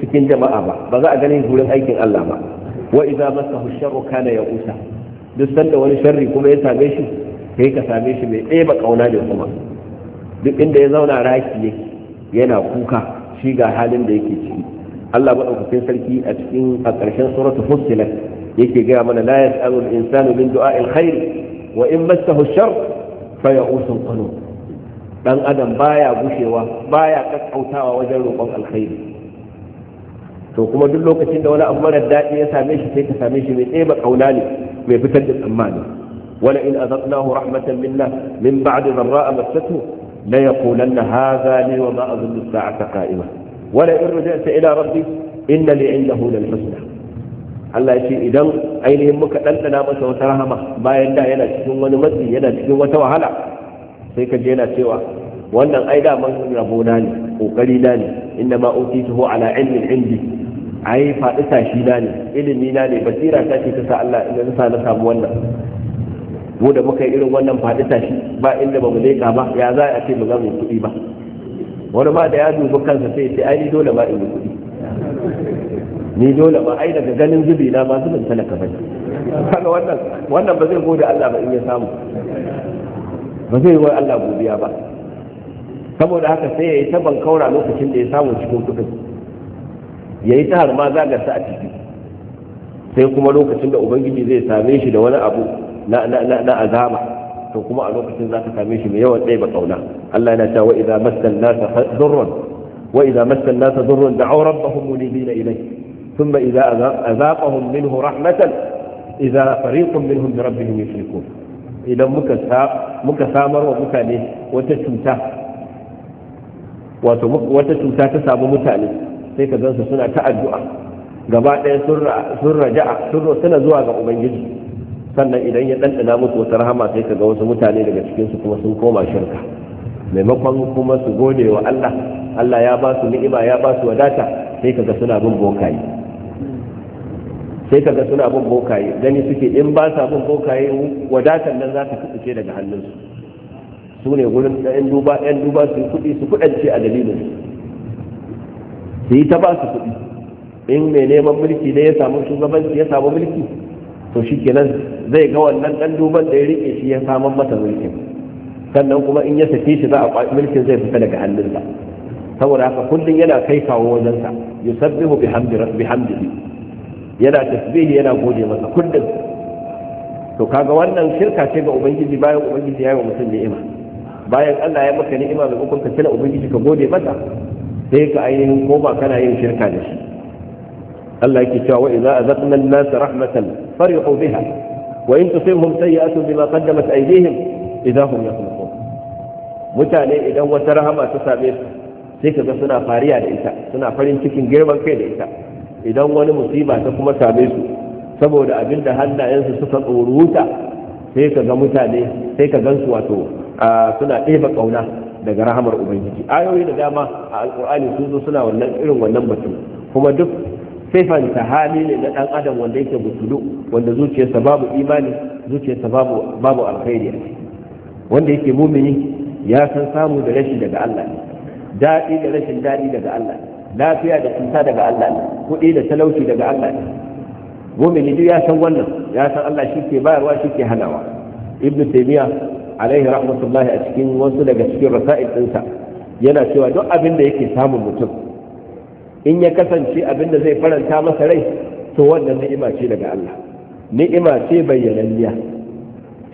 cikin jama'a ba ba za a ganin gurin aikin Allah ba wa idza masahu sharru kana yausa duk sanda wani sharri kuma ya same shi kai ka same shi mai ɗeba kauna da kuma duk inda ya zauna raki yake yana kuka shi ga halin da yake ciki Allah madaukakin sarki a cikin a ƙarshen suratul fussilat yake gaya mana la yas'alul insanu min du'a'il khair وإن مسه الشر فيأوس القلوب لأن أدم بايا بشوى بايا أوتا وجل رقم الخير فكما دلو كسيدة ولا أمان الدائي يساميش سيدة ساميش من إيبا قولاني من بتدد أماني ولئن أذقناه رحمة منا من بعد ضراء مسته ليقولن هذا لي وما أظن الساعة قائمة ولئن رجعت إلى ربي إن لي عنده للحسنة Allah ya ce idan ainihin muka ɗanɗana masa wata rahama bayan da yana cikin wani matsi yana cikin wata wahala sai ka je yana cewa wannan ai da man na ne kokari na ne inda ma tuho ala ilmin indi ai faɗi tashi na ne ilimi na ne basira ta ce ta sa Allah in sa na samu wannan mu da muka yi irin wannan faɗi tashi ba inda ba mu leka ba ya za a ce mu za mu kuɗi ba wani ma da ya dubi kansa sai ya ce ai dole ma in yi kuɗi ni dole ba ai daga ganin zubi na ba zubin talaka ba kaga wannan wannan ba zai gode Allah ba in ya samu ba zai yi wa Allah godiya ba saboda haka sai ya yi ta kaura lokacin da ya samu cikin kudin ya yi ta har ma zagarsa a ciki sai kuma lokacin da ubangiji zai same shi da wani abu na azama, to kuma a lokacin za ka same shi mai yawan ɗaya ba kauna Allah yana cewa idza massan nasa dhurrun wa idza massan nasa dhurrun da'aw rabbahum munibina ilayhi ثم إذا أذاقهم منه رحمة إذا فريق منهم بربهم يشركون إذا مكثامر ومكانه وتشمتا وتشمتا تساب متانه سيكا ذنسى سنة تأدعى gaba ɗaya sun raja'a sun suna zuwa ga ubangiji sannan idan ya ɗanɗana musu wata rahama sai ka ga wasu mutane daga cikinsu kuma sun koma shirka maimakon kuma su gode wa Allah Allah ya ba su ni'ima ya ba su wadata sai ka ga suna bin bokaye sai kaga suna bin bokaye gani suke in ba sa bin bokaye wadatar nan za ta kuɗuce daga hannunsu su ne gurin ɗan duba ɗan duba su kuɗi su kuɗance a dalilin su yi ta ba su kuɗi in mai neman mulki ne ya samu shugabanci ya samu mulki to shi kenan zai ga wannan ɗan duban da ya riƙe shi ya samun masa mulkin sannan kuma in ya sake shi za a kwaci mulkin zai fita daga hannunsa saboda haka kullum yana kai kawo wajensa yusabbihu bihamdihi yana tasbihi yana gode masa kullum to kaga wannan shirka ce ga ubangiji bayan ubangiji ya yi wa mutum ni'ima bayan Allah ya maka ni'ima mai hukun ka tuna ubangiji ka gode masa sai ka ainihin ko ba kana yin shirka da shi Allah yake cewa wa idza azaqna an-nasa rahmatan farihu biha wa in tusibhum sayyi'atun bima qaddamat aydihim idza hum yaqnutun mutane idan wata rahama ta same su sai kaga suna fariya da ita suna farin cikin girman kai da ita idan wani musiba ta kuma same su saboda abin da hannayensu suka tsoruta sai ka ga mutane sai ka gansu wato suna ɗeba ƙauna daga rahamar ubangiji ayoyi da dama a alƙur'ani sun zo suna wannan irin wannan batu kuma duk sifanta hali ne na ɗan adam wanda yake butulu wanda zuciyarsa babu imani zuciyarsa babu babu alkhairi wanda yake mumini ya san samu da rashin daga Allah daɗi da rashin daɗi daga Allah lafiya da cuta daga Allah ne kuɗi da talauci daga Allah ne mu'mini duk ya san wannan ya san Allah shi ke bayarwa shi ke hanawa ibnu taymiya alaihi rahmatullahi a cikin wasu daga cikin rasa'il dinsa yana cewa duk abin da yake samun mutum in ya kasance abin da zai faranta masa rai to wannan ni'ima ce daga Allah ni'ima ce bayyananniya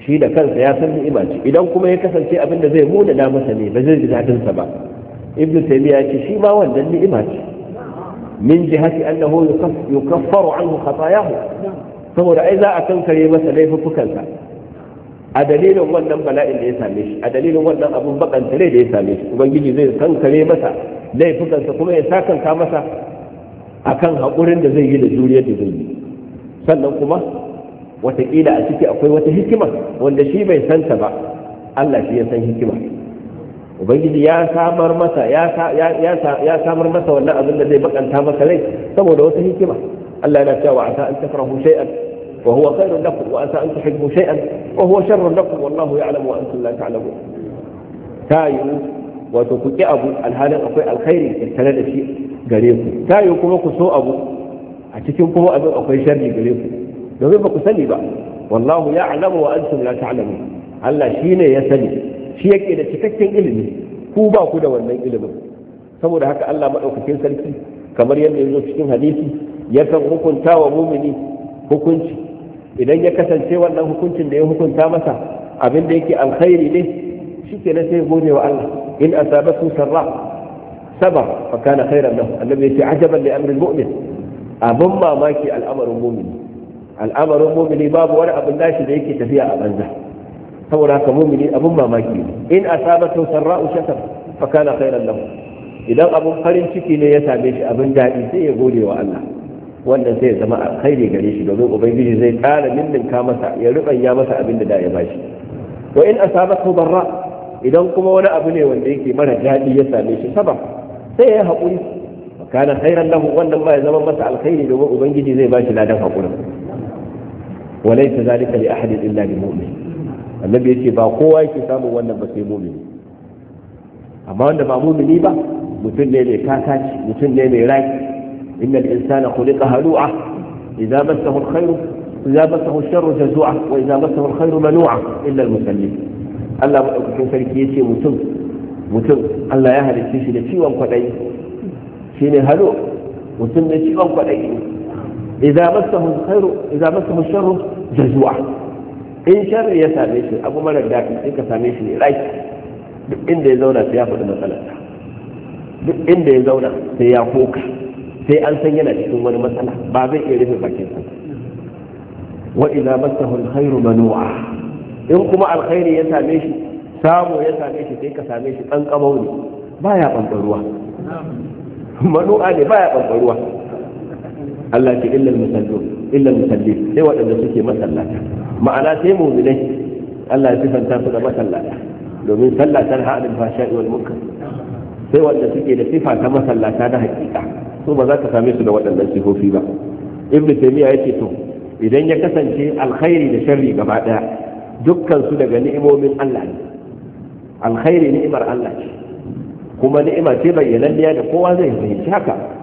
shi da kansa ya san ni'ima ce idan kuma ya kasance abin da zai muna masa ne ba zai ji daɗinsa ba ibn taymiya ce shi ma wannan ni'ima ce min jihati annahu yukaffaru anhu khatayahu saboda ai za a kankare masa laifuffukansa a dalilin wannan bala'in da ya same shi a dalilin wannan abun bakanta ne da ya same shi ubangiji zai kankare masa laifukansa kuma ya sakanka masa akan haƙurin da zai yi da juriyar da zai yi sannan kuma watakila a ciki akwai wata hikima wanda shi bai san ta ba Allah shi ya san hikima ubangiji ya samar masa ya samar masa wannan abin da zai bakanta masa rai saboda wata hikima Allah yana cewa asa an takrahu shay'an wa huwa khairun lakum wa asa an tuhibbu shay'an wa huwa sharrun lakum wallahu ya'lamu wa antum la ta'lamun tayu wato ku ki abu alhalin akwai alkhairi tattare da shi gare ku tayu kuma ku so abu a cikin kuma abin akwai sharri gare ku domin ba ku sani ba wallahu ya'lamu wa antum la ta'lamun Allah shine ya sani shi yake da cikakken ilimi ku ba ku da wannan ilimin saboda haka Allah madaukakin sarki kamar yadda ya zo cikin hadisi yakan hukunta wa mumini hukunci idan ya kasance wannan hukuncin da ya hukunta masa abinda yake alkhairi ne shi ke sai gode wa Allah in asabatu sarra sabar fa kana khairan lahu annabi yace ajaban li amri mu'min abin mamaki al'amarin mumini al'amarin mumini babu wani abin dashi da yake tafiya a banza saboda ka mumini abin mamaki ne in asabatu sarra'u shakar fa kana khairan lahu idan abun farin ciki ne ya same shi abin daɗi sai ya gode wa Allah wannan sai ya zama alkhairi gare shi domin ubangiji zai ƙara ninninka masa ya rubanya masa abin da da ya bashi wa in asabatu barra idan kuma wani abu ne wanda yake mara daɗi ya same shi sabab sai ya haƙuri kana khairan lahu wannan ba ya zama masa alkhairi domin ubangiji zai bashi ladan haƙurin walaysa zalika li ahadin illa lil mu'min annabi ya ce ba kowa yake samun wannan ba sai mumini amma wanda ba mumini ba mutum ne mai kakaci mutum ne mai rai inna al-insana khuliqa halu'a idza massahu al-khairu idza massahu sharru jazu'a wa idza massahu al-khairu manu'a illa al-musallin Allah madaukakin sarki yace mutum mutum Allah ya halicce shi da ciwon kwadayi shine halu mutum ne ciwon kwadayi idza massahu al-khairu idza massahu sharru jazu'a in sharri ya same shi abu mara daɗi in ka same shi ne rai duk inda ya zauna sai ya faɗi matsala. duk inda ya zauna sai ya koka sai an san yana cikin wani matsala ba zai iya rufe bakin sa wa idza masahu alkhairu manu'a in kuma alkhairi ya same shi samu ya same shi sai ka same shi dan kamau ne baya bambaruwa manu'a ne baya bambaruwa Allah ke illal musallin illa musalli sai waɗanda suke masallata ma'ana sai mu'minai Allah ya sifanta su da masallata domin sallatar tana ha'adin fasha'i wal munkar sai wanda suke da sifa ta masallata na hakika su ba za ka same su da waɗannan sifofi ba ibnu taymiya yace to idan ya kasance alkhairi da sharri gaba daya dukkan su daga ni'imomin Allah ne alkhairi ni'imar Allah ce kuma ni'ima ce bayyananniya da kowa zai fahimci haka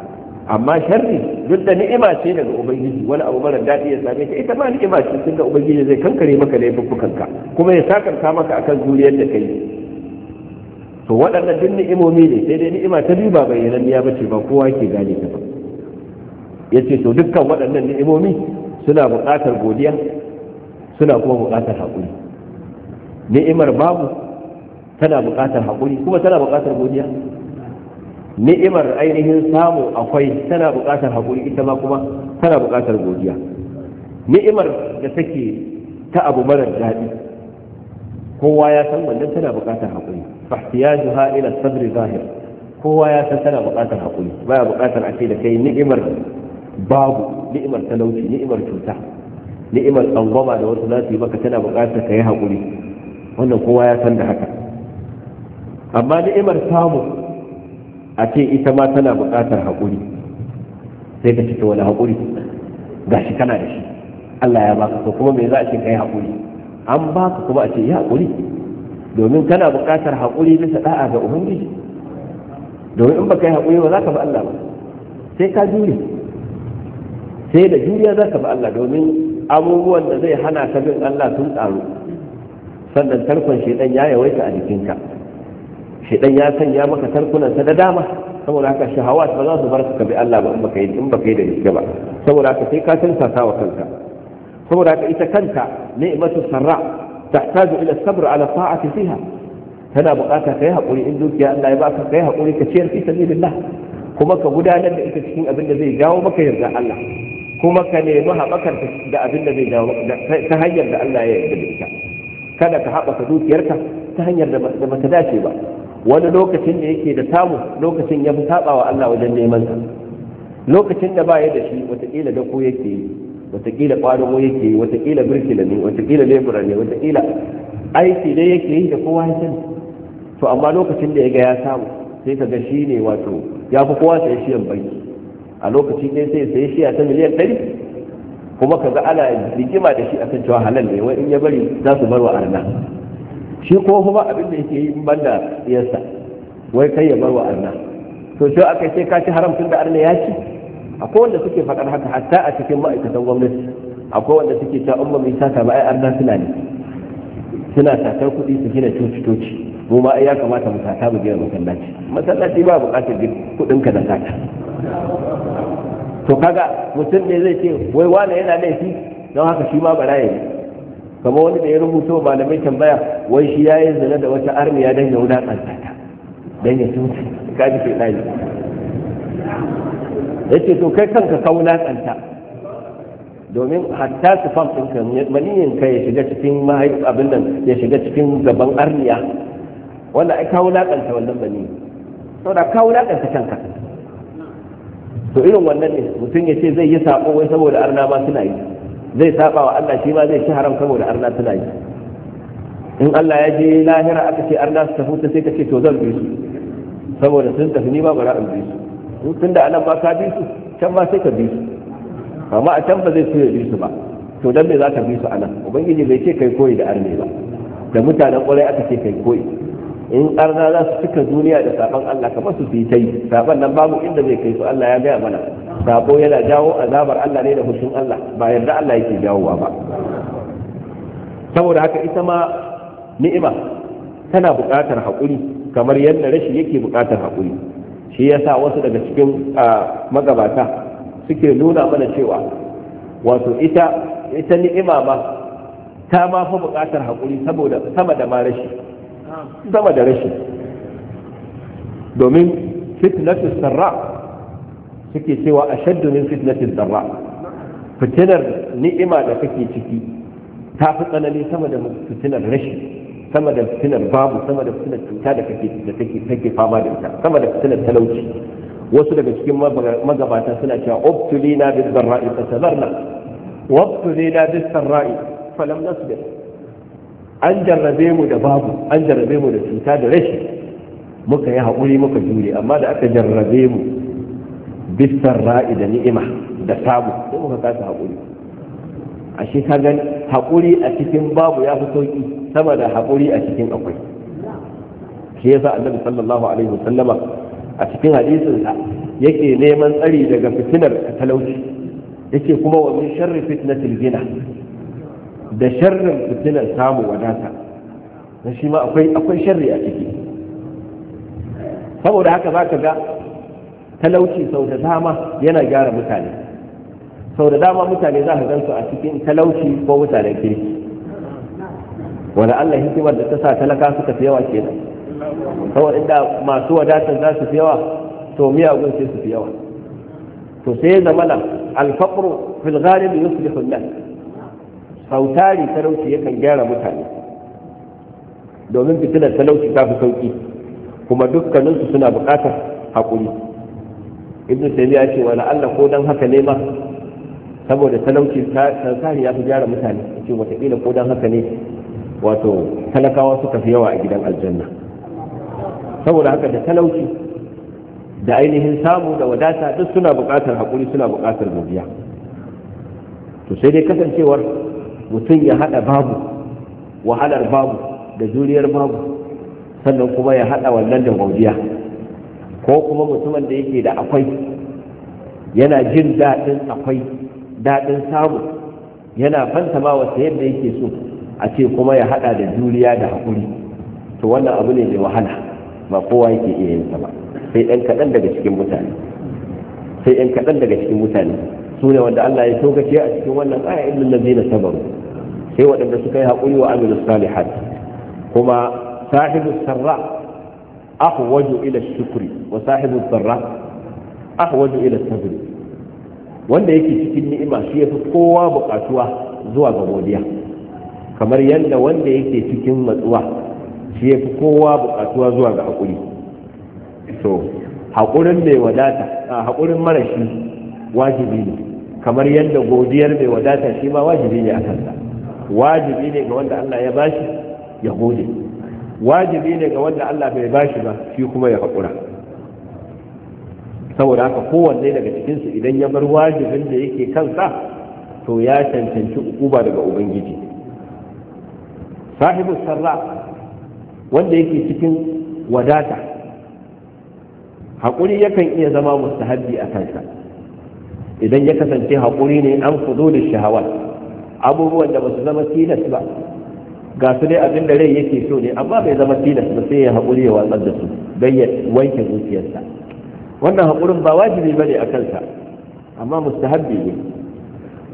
amma sharri duk da ni'ima ce daga ubangiji wani abu mara daɗi ya same ka ita ma ni'ima ce tun da ubangiji zai kankare maka ka, kuma ya sakanta maka akan juriyar da kai to waɗannan duk ni'imomi ne sai dai ni'ima ta biyu ba bayyanan ba bace ba kowa ke gane ta ba ce to dukkan waɗannan ni'imomi suna buƙatar godiya suna kuma buƙatar haƙuri ni'imar babu tana buƙatar haƙuri kuma tana buƙatar godiya ni'imar ainihin samu akwai tana buƙatar haƙuri ita ma kuma tana buƙatar godiya ni'imar da take ta abu marar daɗi kowa ya san wannan tana buƙatar haƙuri fahtiyaju ha ila sadri zahir kowa ya san tana buƙatar haƙuri baya buƙatar ake da kai ni'imar babu ni'imar talauci ni'imar cuta ni'imar tsangwama da wasu za su yi maka tana buƙatar ka yi haƙuri wannan kowa ya san da haka amma ni'imar samu a ce ita ma tana buƙatar haƙuri sai ka cika wani haƙuri ga shi kana da shi Allah ya baka so kuma me za a ce kai haƙuri an baka kuma a ce yi haƙuri domin kana buƙatar haƙuri bisa da'a ga ubangiji domin in baka yi haƙuri ba za ka bi Allah ba sai ka jure sai da juriya za ka bi Allah domin abubuwan da zai hana ka bin Allah sun tsaro sannan tarkon shedan ya yawaita a jikinka shedan ya sanya maka tarkunansa da dama saboda haka shahawa ba za su bar ka bi Allah ba in baka yi in baka yi da gaske ba saboda haka sai ka san wa kanka saboda haka ita kanta ni'matu sarra tahtaju ila sabr ala ta'ati fiha tana bukata kai haƙuri in dukiya Allah ya baka kai hakuri ka ciyar fi sabilillah kuma ka gudanar da ita cikin abin da zai jawo maka yarda Allah kuma ka nemi haɓakar da abin da zai jawo ta hanyar da Allah ya yarda da ita kada ka haɓaka dukiyarka ta hanyar da ba ta dace ba wani lokacin da yake da samu lokacin ya fi saba wa Allah wajen neman sa lokacin da ba ya da shi watakila da ko yake watakila wataƙila ko yake watakila birki birkila ne watakila lebura ne watakila aiki da yake yi da kowa ya sani to amma lokacin da ya ga ya samu sai ka ga shi ne wato ya fi kowa sai shi yan banki a lokacin ne sai sai shi ya ta miliyan ɗari kuma ka ga ana rigima da shi akan cewa halal ne wai in ya bari za su bar wa arna shi ko kuma abin da yake yi in banda diyarsa wai kai ya bar wa arna to shi aka ce ka ci haram tun da arna ya ci akwai wanda suke faɗar haka hatta a cikin ma'aikatan gwamnati akwai wanda suke ta umma mai sata ba ai arna suna ne suna satar kuɗi su gina coci-coci mu ma ya kamata mu sata mu gina masallaci masallaci ba buƙatar kuɗin ka da sata to kaga mutum ne zai ce wai wane yana laifi don haka shi ma bara ya kamar wani da ya rubuto malamai tambaya wai shi ya yi zina da wata armiya don ya wulaƙanta ta don ya cuta ka ji ɗaya ya ce to kai kanka ka wulaƙanta domin hatta su fam ɗinka maniyin ka ya shiga cikin mahaifin abin nan ya shiga cikin gaban armiya wanda ai ka wulaƙanta wannan maniyin saboda ka wulaƙanta kanka to irin wannan ne mutum ya ce zai yi saƙo wai saboda arna ma suna yi zai saba wa Allah shi ba zai shi haram saboda arna tana yi in Allah ya je lahira aka ce arna su tafi ta sai ka ce to zan bi su saboda sun tafi ni ba bara in bi su tunda anan ba ka bi su can ba sai ka bi su amma a can ba zai so ya bi su ba to dan me za ka bi su anan ubangiji bai ce kai koyi da arne ba da mutanen kwarai aka ce kai koyi in ƙarna za su cika duniya da sabon Allah kamar su fi ta yi saban nan babu inda zai kai su Allah ya gaya mana sabo yana jawo azabar Allah ne da hushin Allah ba yarda Allah yake jawowa ba saboda haka ita ma ni'ima tana buƙatar haƙuri kamar yadda rashi yake buƙatar haƙuri shi ya sa wasu daga cikin magabata suke nuna mana cewa wato ita ita ni'ima ma ta ma fa buƙatar haƙuri saboda sama da ma rashi sama da rashi domin fitnatin sarra suke cewa ashaddu min fitnatin sarra fitinar ni'ima da kake ciki ta fi tsanani sama da fitinar rashi sama da fitinar babu sama da fitinar cuta da kake da take take fama da ita sama da fitinar talauci wasu daga cikin magabata suna cewa ubtulina bizarra'i fasabarna wa ubtulina fa lam nasbir an jarrabe mu da babu an jarrabe mu da cuta da rashi muka yi haƙuri muka jure amma da aka jarrabe mu bisan ra'i da ni'ima da samu sai muka kasa haƙuri a shi ka gani haƙuri a cikin babu ya fi sauƙi sama da haƙuri a cikin akwai shi yasa annabi sallallahu alaihi wasallama a cikin hadisinsa yake neman tsari daga fitinar talauci yake kuma wa min sharri fitnatil gina da sharrin fitinan samu wadata na shi ma akwai sharri a ciki saboda haka za ka ga talauci sau da dama yana gyara mutane sau da dama mutane za ka gansu a cikin talauci ko mutanen kirki wanda Allah hikimar da ta sa talaka suka fi yawa kenan saboda inda masu wadatar za su fi yawa to miyagun sai su fi yawa to sai zamana alfaqru fil ghalib da an sautari talauci yakan gyara mutane domin fitilar talauci ta fi sauki kuma dukkaninsu suna buƙatar haƙuri ibn sami ya ce wa la'alla ko don haka ne ma saboda talauci sautari ya fi gyara mutane ce wataƙila ko don haka ne wato talakawa suka fi yawa a gidan aljanna saboda haka da talauci da ainihin samu da wadata duk suna buƙatar haƙuri suna buƙatar godiya to sai dai kasancewar mutum ya haɗa babu wahalar babu da juriyar babu sannan kuma ya hada wannan da gaudiya ko kuma mutumin da yake da akwai yana jin daɗin akwai daɗin samu yana fantama wasu yadda yake so a ce kuma ya haɗa da juriya da haƙuri to wannan abu ne mai wahala ba kowa yake iya yin ba sai ɗan kaɗan daga cikin mutane su ne wanda Allah ya saukace a cikin wannan aya na ladina sabaru sai waɗanda suka yi haƙuri wa amilu salihat kuma sahibu sarra ahwaju ila shukri wa sahibu sarra ahwaju ila sabri wanda yake cikin ni'ima shi yafi kowa buƙatuwa zuwa ga godiya kamar yadda wanda yake cikin matsuwa shi yafi kowa buƙatuwa zuwa ga haƙuri to haƙurin mai wadata haƙurin marashi wajibi ne kamar yadda godiyar mai wadata shi ma wajibi ne a kansa wajibi ne ga wanda Allah ya bashi ya gode wajibi ne ga wanda Allah bai bashi ba shi kuma ya haƙura saboda haka kowanne daga cikinsu idan ya bar wajibin da yake kansa to ya cancanci ukuba daga ubangiji sahibu sarra wanda yake cikin wadata haƙuri yakan iya zama mustahabbi a kansa idan ya kasance haƙuri ne an fudo da shahawar abubuwan da ba su zama tilas ba ga su dai abin da rai yake so ne amma bai zama tilas ba sai ya haƙuri ya watsar da su don ya wanke zuciyarsa wannan haƙurin ba wajibi ba ne a kansa amma mustahabbi ne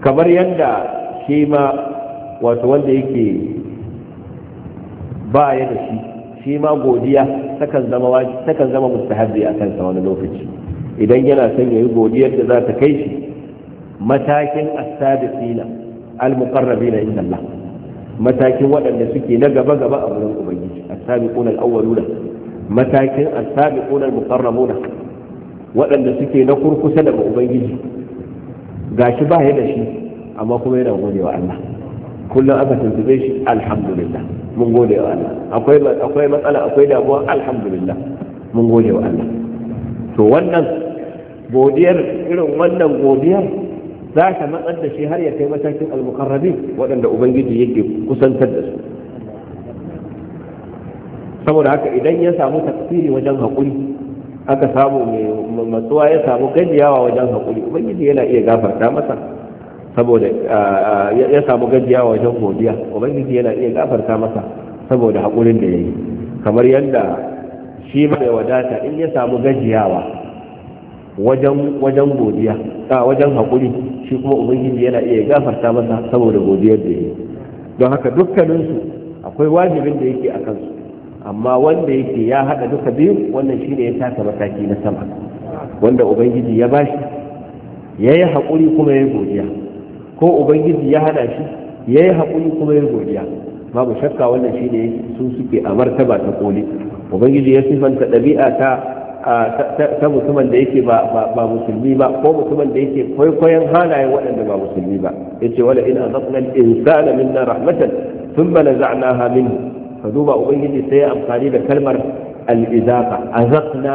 kamar yadda shi ma wato wanda yake ba ya da shi shi ma godiya takan zama mustahabbi a kansa wani lokaci idan yana son ya yi godiyar da za ta kai shi matakin as-sabiqina al-muqarrabina inda Allah matakin waɗanda suke na gaba gaba a wurin ubangiji as-sabiquna al-awwaluna matakin as-sabiquna al-muqarrabuna waɗanda suke na kurkusa daga ubangiji gashi ba ya da shi amma kuma yana gode wa Allah kullum aka tuntube shi alhamdulillah mun gode wa Allah akwai akwai matsala akwai damuwa alhamdulillah mun gode wa Allah to wannan godiyar irin wannan godiyar za ta matsar da shi har ya kai matakin al-muqarrabin waɗanda ubangiji yake kusantar da su saboda haka idan ya samu tafsiri wajen haƙuri aka samu mai matsuwa ya samu gajiyawa wajen haƙuri ubangiji yana iya gafarta masa saboda ya samu gajiyawa wajen godiya ubangiji yana iya gafarta masa saboda haƙurin da ya yi kamar yadda shi mai wadata in ya samu gajiyawa wajen wajen godiya a wajen hakuri shi kuma ubangiji yana iya gafarta masa saboda godiyar da yi don haka dukkanin su akwai wajibin da yake a kansu amma wanda yake ya hada duka biyu wannan shi ne ya taka mataki na sama wanda ubangiji ya bashi ya yi hakuri kuma ya yi godiya ko ubangiji ya hada shi ya yi hakuri kuma ya yi godiya babu shakka wannan shi ne su suke a martaba ta koli ubangiji ya sifanta ɗabi'a ta ta mutumin da yake ba musulmi ba ko mutumin da yake kwaikwayon halayen waɗanda ba musulmi ba yace wala in azaqna al min na rahmatan thumma naza'naha minhu ka duba ubangiji sai ya amfani da kalmar al-izaqa azaqna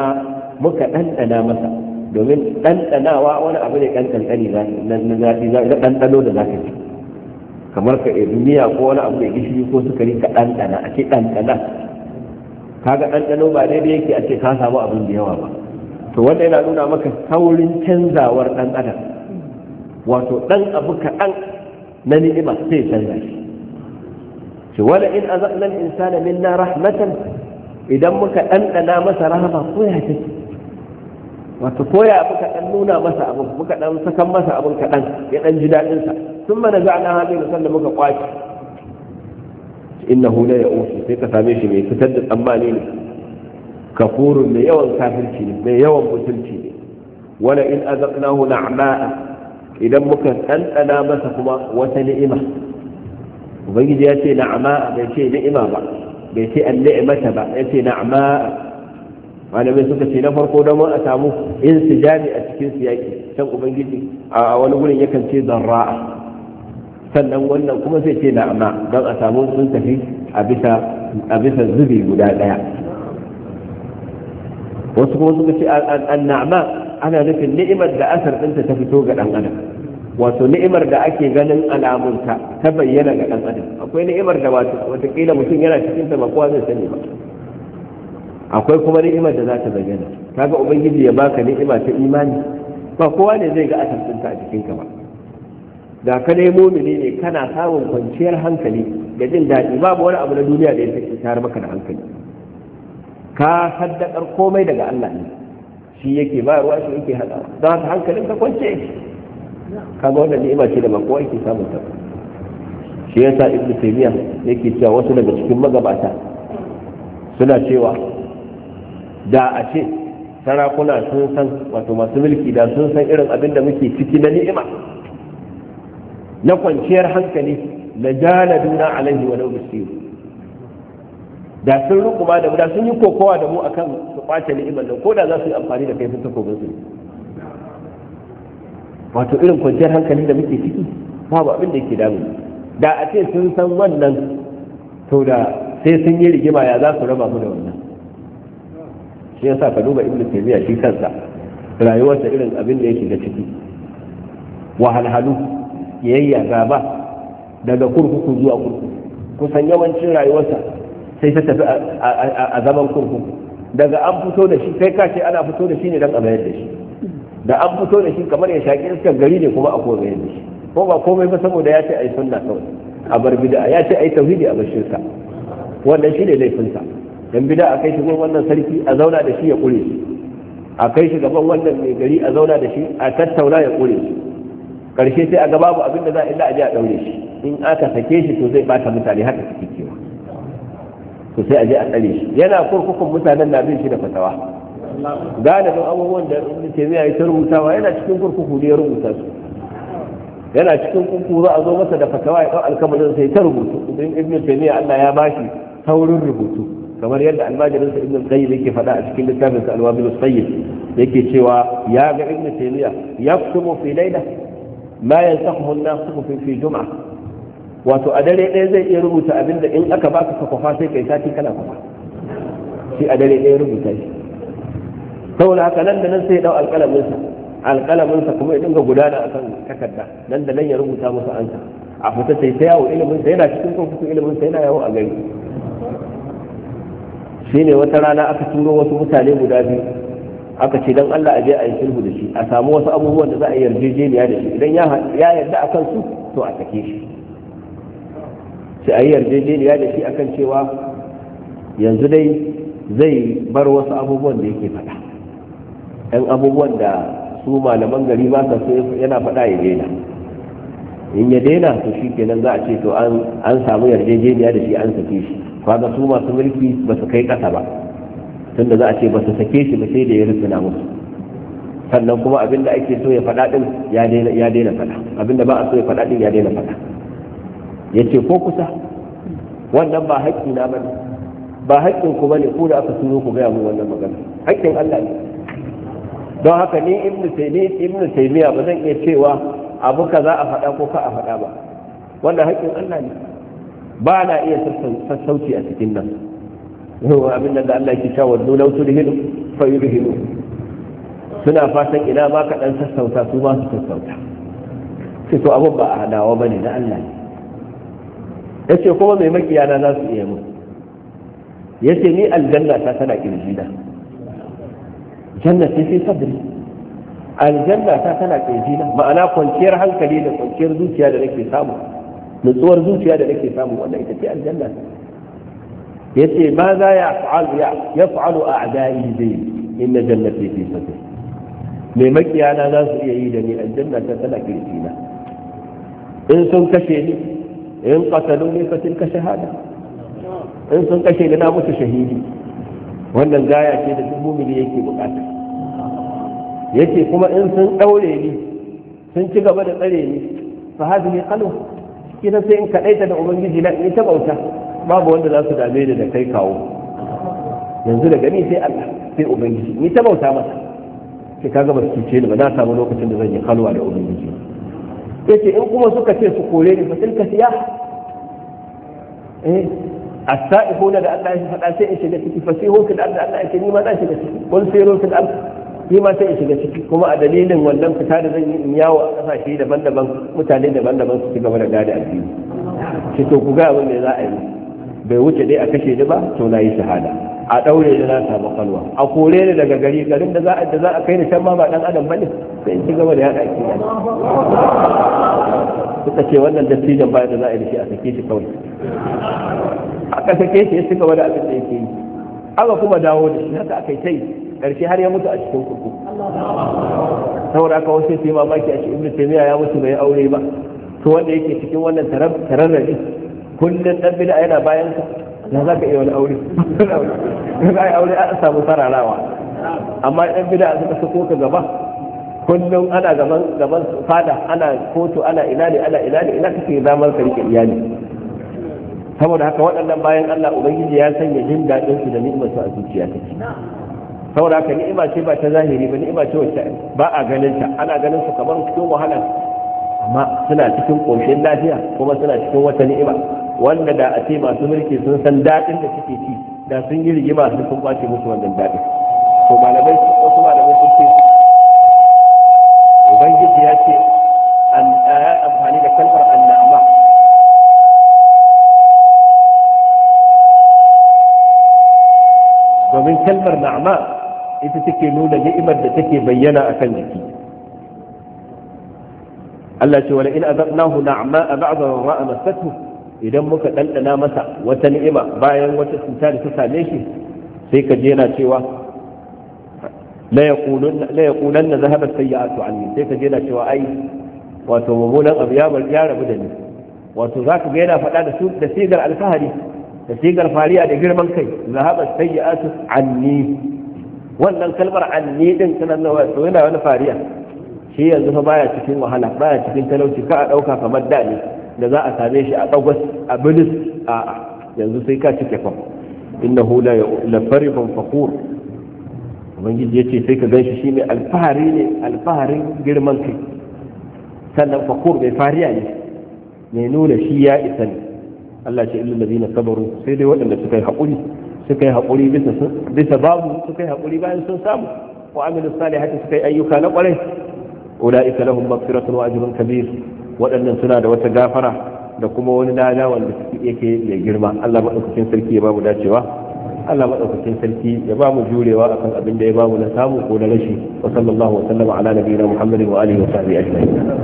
muka ɗanɗana masa domin dandanawa wani abu ne kan na da zaka kamar ka miya ko wani abu da gishiri ko sukari ka ɗanɗana. a ce kaga ɗanɗano ba dai-dai yake a ce ka samu abin da yawa ba to wanda yana nuna maka saurin canzawar ɗan adam wato ɗan abu kaɗan na ni'ima sai canza shi shi wala in azaqna al-insana minna rahmatan idan muka ɗanɗana masa rahama ko ya take wato koya muka dan nuna masa abu, muka dan sakan masa abin kaɗan ya dan ji daɗinsa sun mana za'ana hadu da sanda muka kwaci innahu la ya'usu sai ka same shi mai fitar da tsammani ne kafurun mai yawan kafirci ne mai yawan mutunci ne wala in azaqnahu na'ma'a idan muka tsantsana masa kuma wata ni'ima ubangiji ya ce na'ma'a bai ce ni'ima ba bai ce an-ni'mata ba ya ce na'ma'a malamai suka ce na farko don a samu In insijami a cikin siyaki can ubangiji a wani wurin yakan ce zarra'a sannan wannan kuma zai ce na'ama don a samu sun tafi a bisa zubi guda ɗaya wasu kuma suka ce an na'ama ana nufin ni'imar da asar ɗinta ta fito ga ɗan adam wato ni'imar da ake ganin alamunta ta bayyana ga ɗan adam akwai ni'imar da watakila mutum yana cikin ta ba kowa zai sani ba akwai kuma ni'imar da za ta bayyana kaga ubangiji ya baka ni'ima ta imani ba kowa ne zai ga asar ɗinta a jikinka ba da ka dai mumini ne kana samun kwanciyar hankali da jin daɗi babu wani abu na duniya da ya sake tare maka da hankali ka haddakar komai daga Allah ne shi yake ruwa shi yake hada don haka hankalin ka kwance ka ga wannan ni'ima ce da ba kowa yake samun ta shi yasa ibn taymiya yake cewa wasu daga cikin magabata suna cewa da a ce sarakuna sun san wato masu mulki da sun san irin abin da muke ciki na ni'ima na kwanciyar hankali na duna a alaihi wa law bisir da sun rukuma da mu da sun yi kokowa da mu akan su kwace ni'imar nan ko da za su yi amfani da kaifin takobin su wato irin kwanciyar hankali da muke ciki babu abin da ke damu da a ce sun san wannan to da sai sun yi rigima ya za su raba mu da wannan shi yasa ka duba ibnu taymiya shi kansa rayuwarsa irin abin da yake da ciki wahalhalu kiyayya gaba daga kurkuku zuwa kurkuku kusan yawancin rayuwarsa sai ta tafi a zaman kurkuku daga an fito da shi kai ka ce ana fito da shi ne don a mayar da shi da an fito da shi kamar ya shaƙi iskar gari ne kuma a bayar da shi ko ba komai ba saboda ya ce a yi sunna kawai a bar bid'a ya ce a yi tauhidi a bashin sa wannan shi ne laifinsa dan bid'a a kai shi gurin wannan sarki a zauna da shi ya kure shi a kai shi gaban wannan mai gari a zauna da shi a tattauna ya kure shi karshe sai a ga babu abin da za a illa a je a daure shi in aka sake shi to zai bata mutane haka suke cewa to sai a je a tsare shi yana kurkukun mutanen na bin shi da fatawa galibin abubuwan da ibn taymiya ya rubutawa yana cikin kurkuku ne ya rubuta su yana cikin kurkuku za a zo masa da fatawa ya dau alkamarin sai ta rubutu idan ibn taymiya Allah ya bashi saurin rubutu kamar yadda almajirin sa ibn qayyim yake faɗa a cikin littafin sa alwabil sayyid yake cewa ya ga ibn taymiya yaktumu fi layla ma yansahu an-nasu fi fi wato a dare ɗaya zai iya rubuta abinda in aka baka ka kwafa sai kai sati kana kwafa shi a dare ɗaya rubuta shi saboda haka nan da nan sai ya dau alƙalamin sa alƙalamin sa kuma ya dinga gudana akan takarda nan da nan ya rubuta musu ansa a fita sai ta yawo ilimin sa yana cikin kwamfutan ilimin sa yana yawo a gari shine wata rana aka turo wasu mutane guda biyu aka ce dan Allah a je a yi sulhu da shi a samu wasu abubuwan da za a yarjejeniya da shi idan ya yarda a kansu to a sake shi sai a yi yarjejeniya da shi akan cewa yanzu dai zai bar wasu abubuwan da yake faɗa ɗan abubuwan da su malaman gari ba sa yana faɗa ya daina in ya daina to shi kenan za a ce to an samu yarjejeniya da shi an sake shi kaga su masu mulki ba su kai ƙasa ba tunda za a ce ba su sake shi ba sai da ya rufina musu sannan kuma abin da ake so ya faɗa ɗin ya daina faɗa abin da ba a so ya faɗa ɗin ya daina faɗa ya ce ko kusa wannan ba haƙƙi na ba ba haƙƙin ku bane ko da aka suno ku gaya mu wannan magana haƙƙin Allah ne don haka ni ibnu taymiya ibnu taymiya ba zan iya cewa abu kaza a faɗa ko ka a faɗa ba wannan haƙƙin Allah ne ba na iya sassauci a cikin nan yau abin da Allah ke cewa wadda lautu da hidu fa yi hidu suna fatan ina ma ka sassauta su ma su sassauta sai to abin ba a hadawa ba ne na Allah ne ya ce kuma mai makiyana za su iya mu ce ni aljanna ta tana ƙirji na, kirjina jannati fi sadri aljanna ta tana ƙirji na, ma'ana kwanciyar hankali da kwanciyar zuciya da nake samu nutsuwar zuciya da nake samu wannan ita ce aljanna ta. yace ma za ya fa'alu ya fa'alu a'da'i in inna jannati fi sadr mai makiyana za su iya yi da ni aljanna ta tana na in sun kashe ni in qatalu ni fa tilka shahada in sun kashe ni na mutu shahidi wannan gaya ce da dubu miliyan yake bukata yace kuma in sun daure ni sun ci gaba da tsare ni fa hadhihi qalwa kina sai in kadaita da ubangiji na in ta bauta babu wanda za su dame da kai kawo yanzu daga ni sai Allah sai ubangiji ni ta bauta masa sai kaga ba su ce ni ba na samu lokacin da zan yi halwa da ubangiji yace in kuma suka ce su kore ni fa tilka siya eh asaihuna da Allah ya faɗa sai in shiga ciki sai fil da Allah ya ce ni ma zan shiga ciki kun sayro fil ard ni ma sai in shiga ciki kuma a dalilin wannan fita da zan yi in yawo a kasashe daban-daban mutane daban-daban su ci gaba da gada addini ce to ku ga abin da za a yi bai wuce dai a kashe ni ba to na yi shahada a daure da na samu kalwa a kore ni daga gari garin da za a da za a kai ni shan ma ba dan adam bane sai in gaba da yada akida suka ce wannan dattijan ba da za a yi shi a sake shi kawai aka sake shi ya ci gaba da abin da yake yi aka kuma dawo da shi haka akai yi tai karshe har ya mutu a cikin kurkuku saboda aka wasu sai mamaki a cikin ibnu taymiya ya mutu bai aure ba to wanda yake cikin wannan tararrabi kullum dan bid'a yana bayan ka ya za ka iya wani aure za a yi aure a samu fararawa amma dan bid'a suka sako ka gaba kullum ana gaban gaban fada ana kotu ana ina ne ana ina ne ina kake zamar ka rike iyali saboda haka waɗannan bayan Allah ubangiji ya sanya jin daɗin su da ni'imar su a zuciya take saboda haka ni'ima ce ba ta zahiri ba ni'ima ce wacce ba a ganin ta ana ganin su kamar cikin wahala amma suna cikin ƙoshin lafiya kuma suna cikin wata ni'ima wanda da a ce masu mulki sun san daɗin da suke ci da sun yi rigima sun sun kwace musu wannan daɗin to malamai wasu malamai sun ce ubangiji ya ce an ya amfani da kalmar annama domin kalmar na'ama ita take nuna ni'imar da take bayyana a kan jiki Allah ce wala in azabnahu na'ama ba'da ra'a masatu idan muka ɗanɗana masa wata ni'ima bayan wata cuta da ta same shi sai ka je yana cewa la yaqulan na zahabat sayyi'atu anni sai ka je yana cewa ai wato mummunan abu ya ya rabu da ni wato za ka ga yana faɗa da su da sigar alfahari da sigar fariya da girman kai zahabat sayyi'atu anni wannan kalmar anni din tana nawa to yana wani fariya shi yanzu fa baya cikin wahala baya cikin talauci ka a ɗauka kamar da ne da za a same shi a tsagwas a bilis a yanzu sai ka cike fam innahu la la farihun fakhur ubangiji ce sai ka ganshi shine alfahari ne alfaharin girman kai sannan fakhur mai fariya ne mai nuna shi ya isa ne Allah ce illal ladina sabaru sai dai waɗanda suka yi haƙuri suka yi haƙuri bisa babu suka yi haƙuri bayan sun samu wa amilu salihati suka yi ayyuka na ƙwarai ulaika lahum maghfiratun wa ajrun kabir waɗannan suna da wata gafara da kuma wani lada wanda yake mai girma Allah madaukakin sarki ya mu dacewa Allah madaukakin sarki ya bamu jurewa akan abin da ya bamu na samu ko na rashi wa sallallahu wa sallama ala nabiyina Muhammadin wa alihi wa sahbihi ajma'in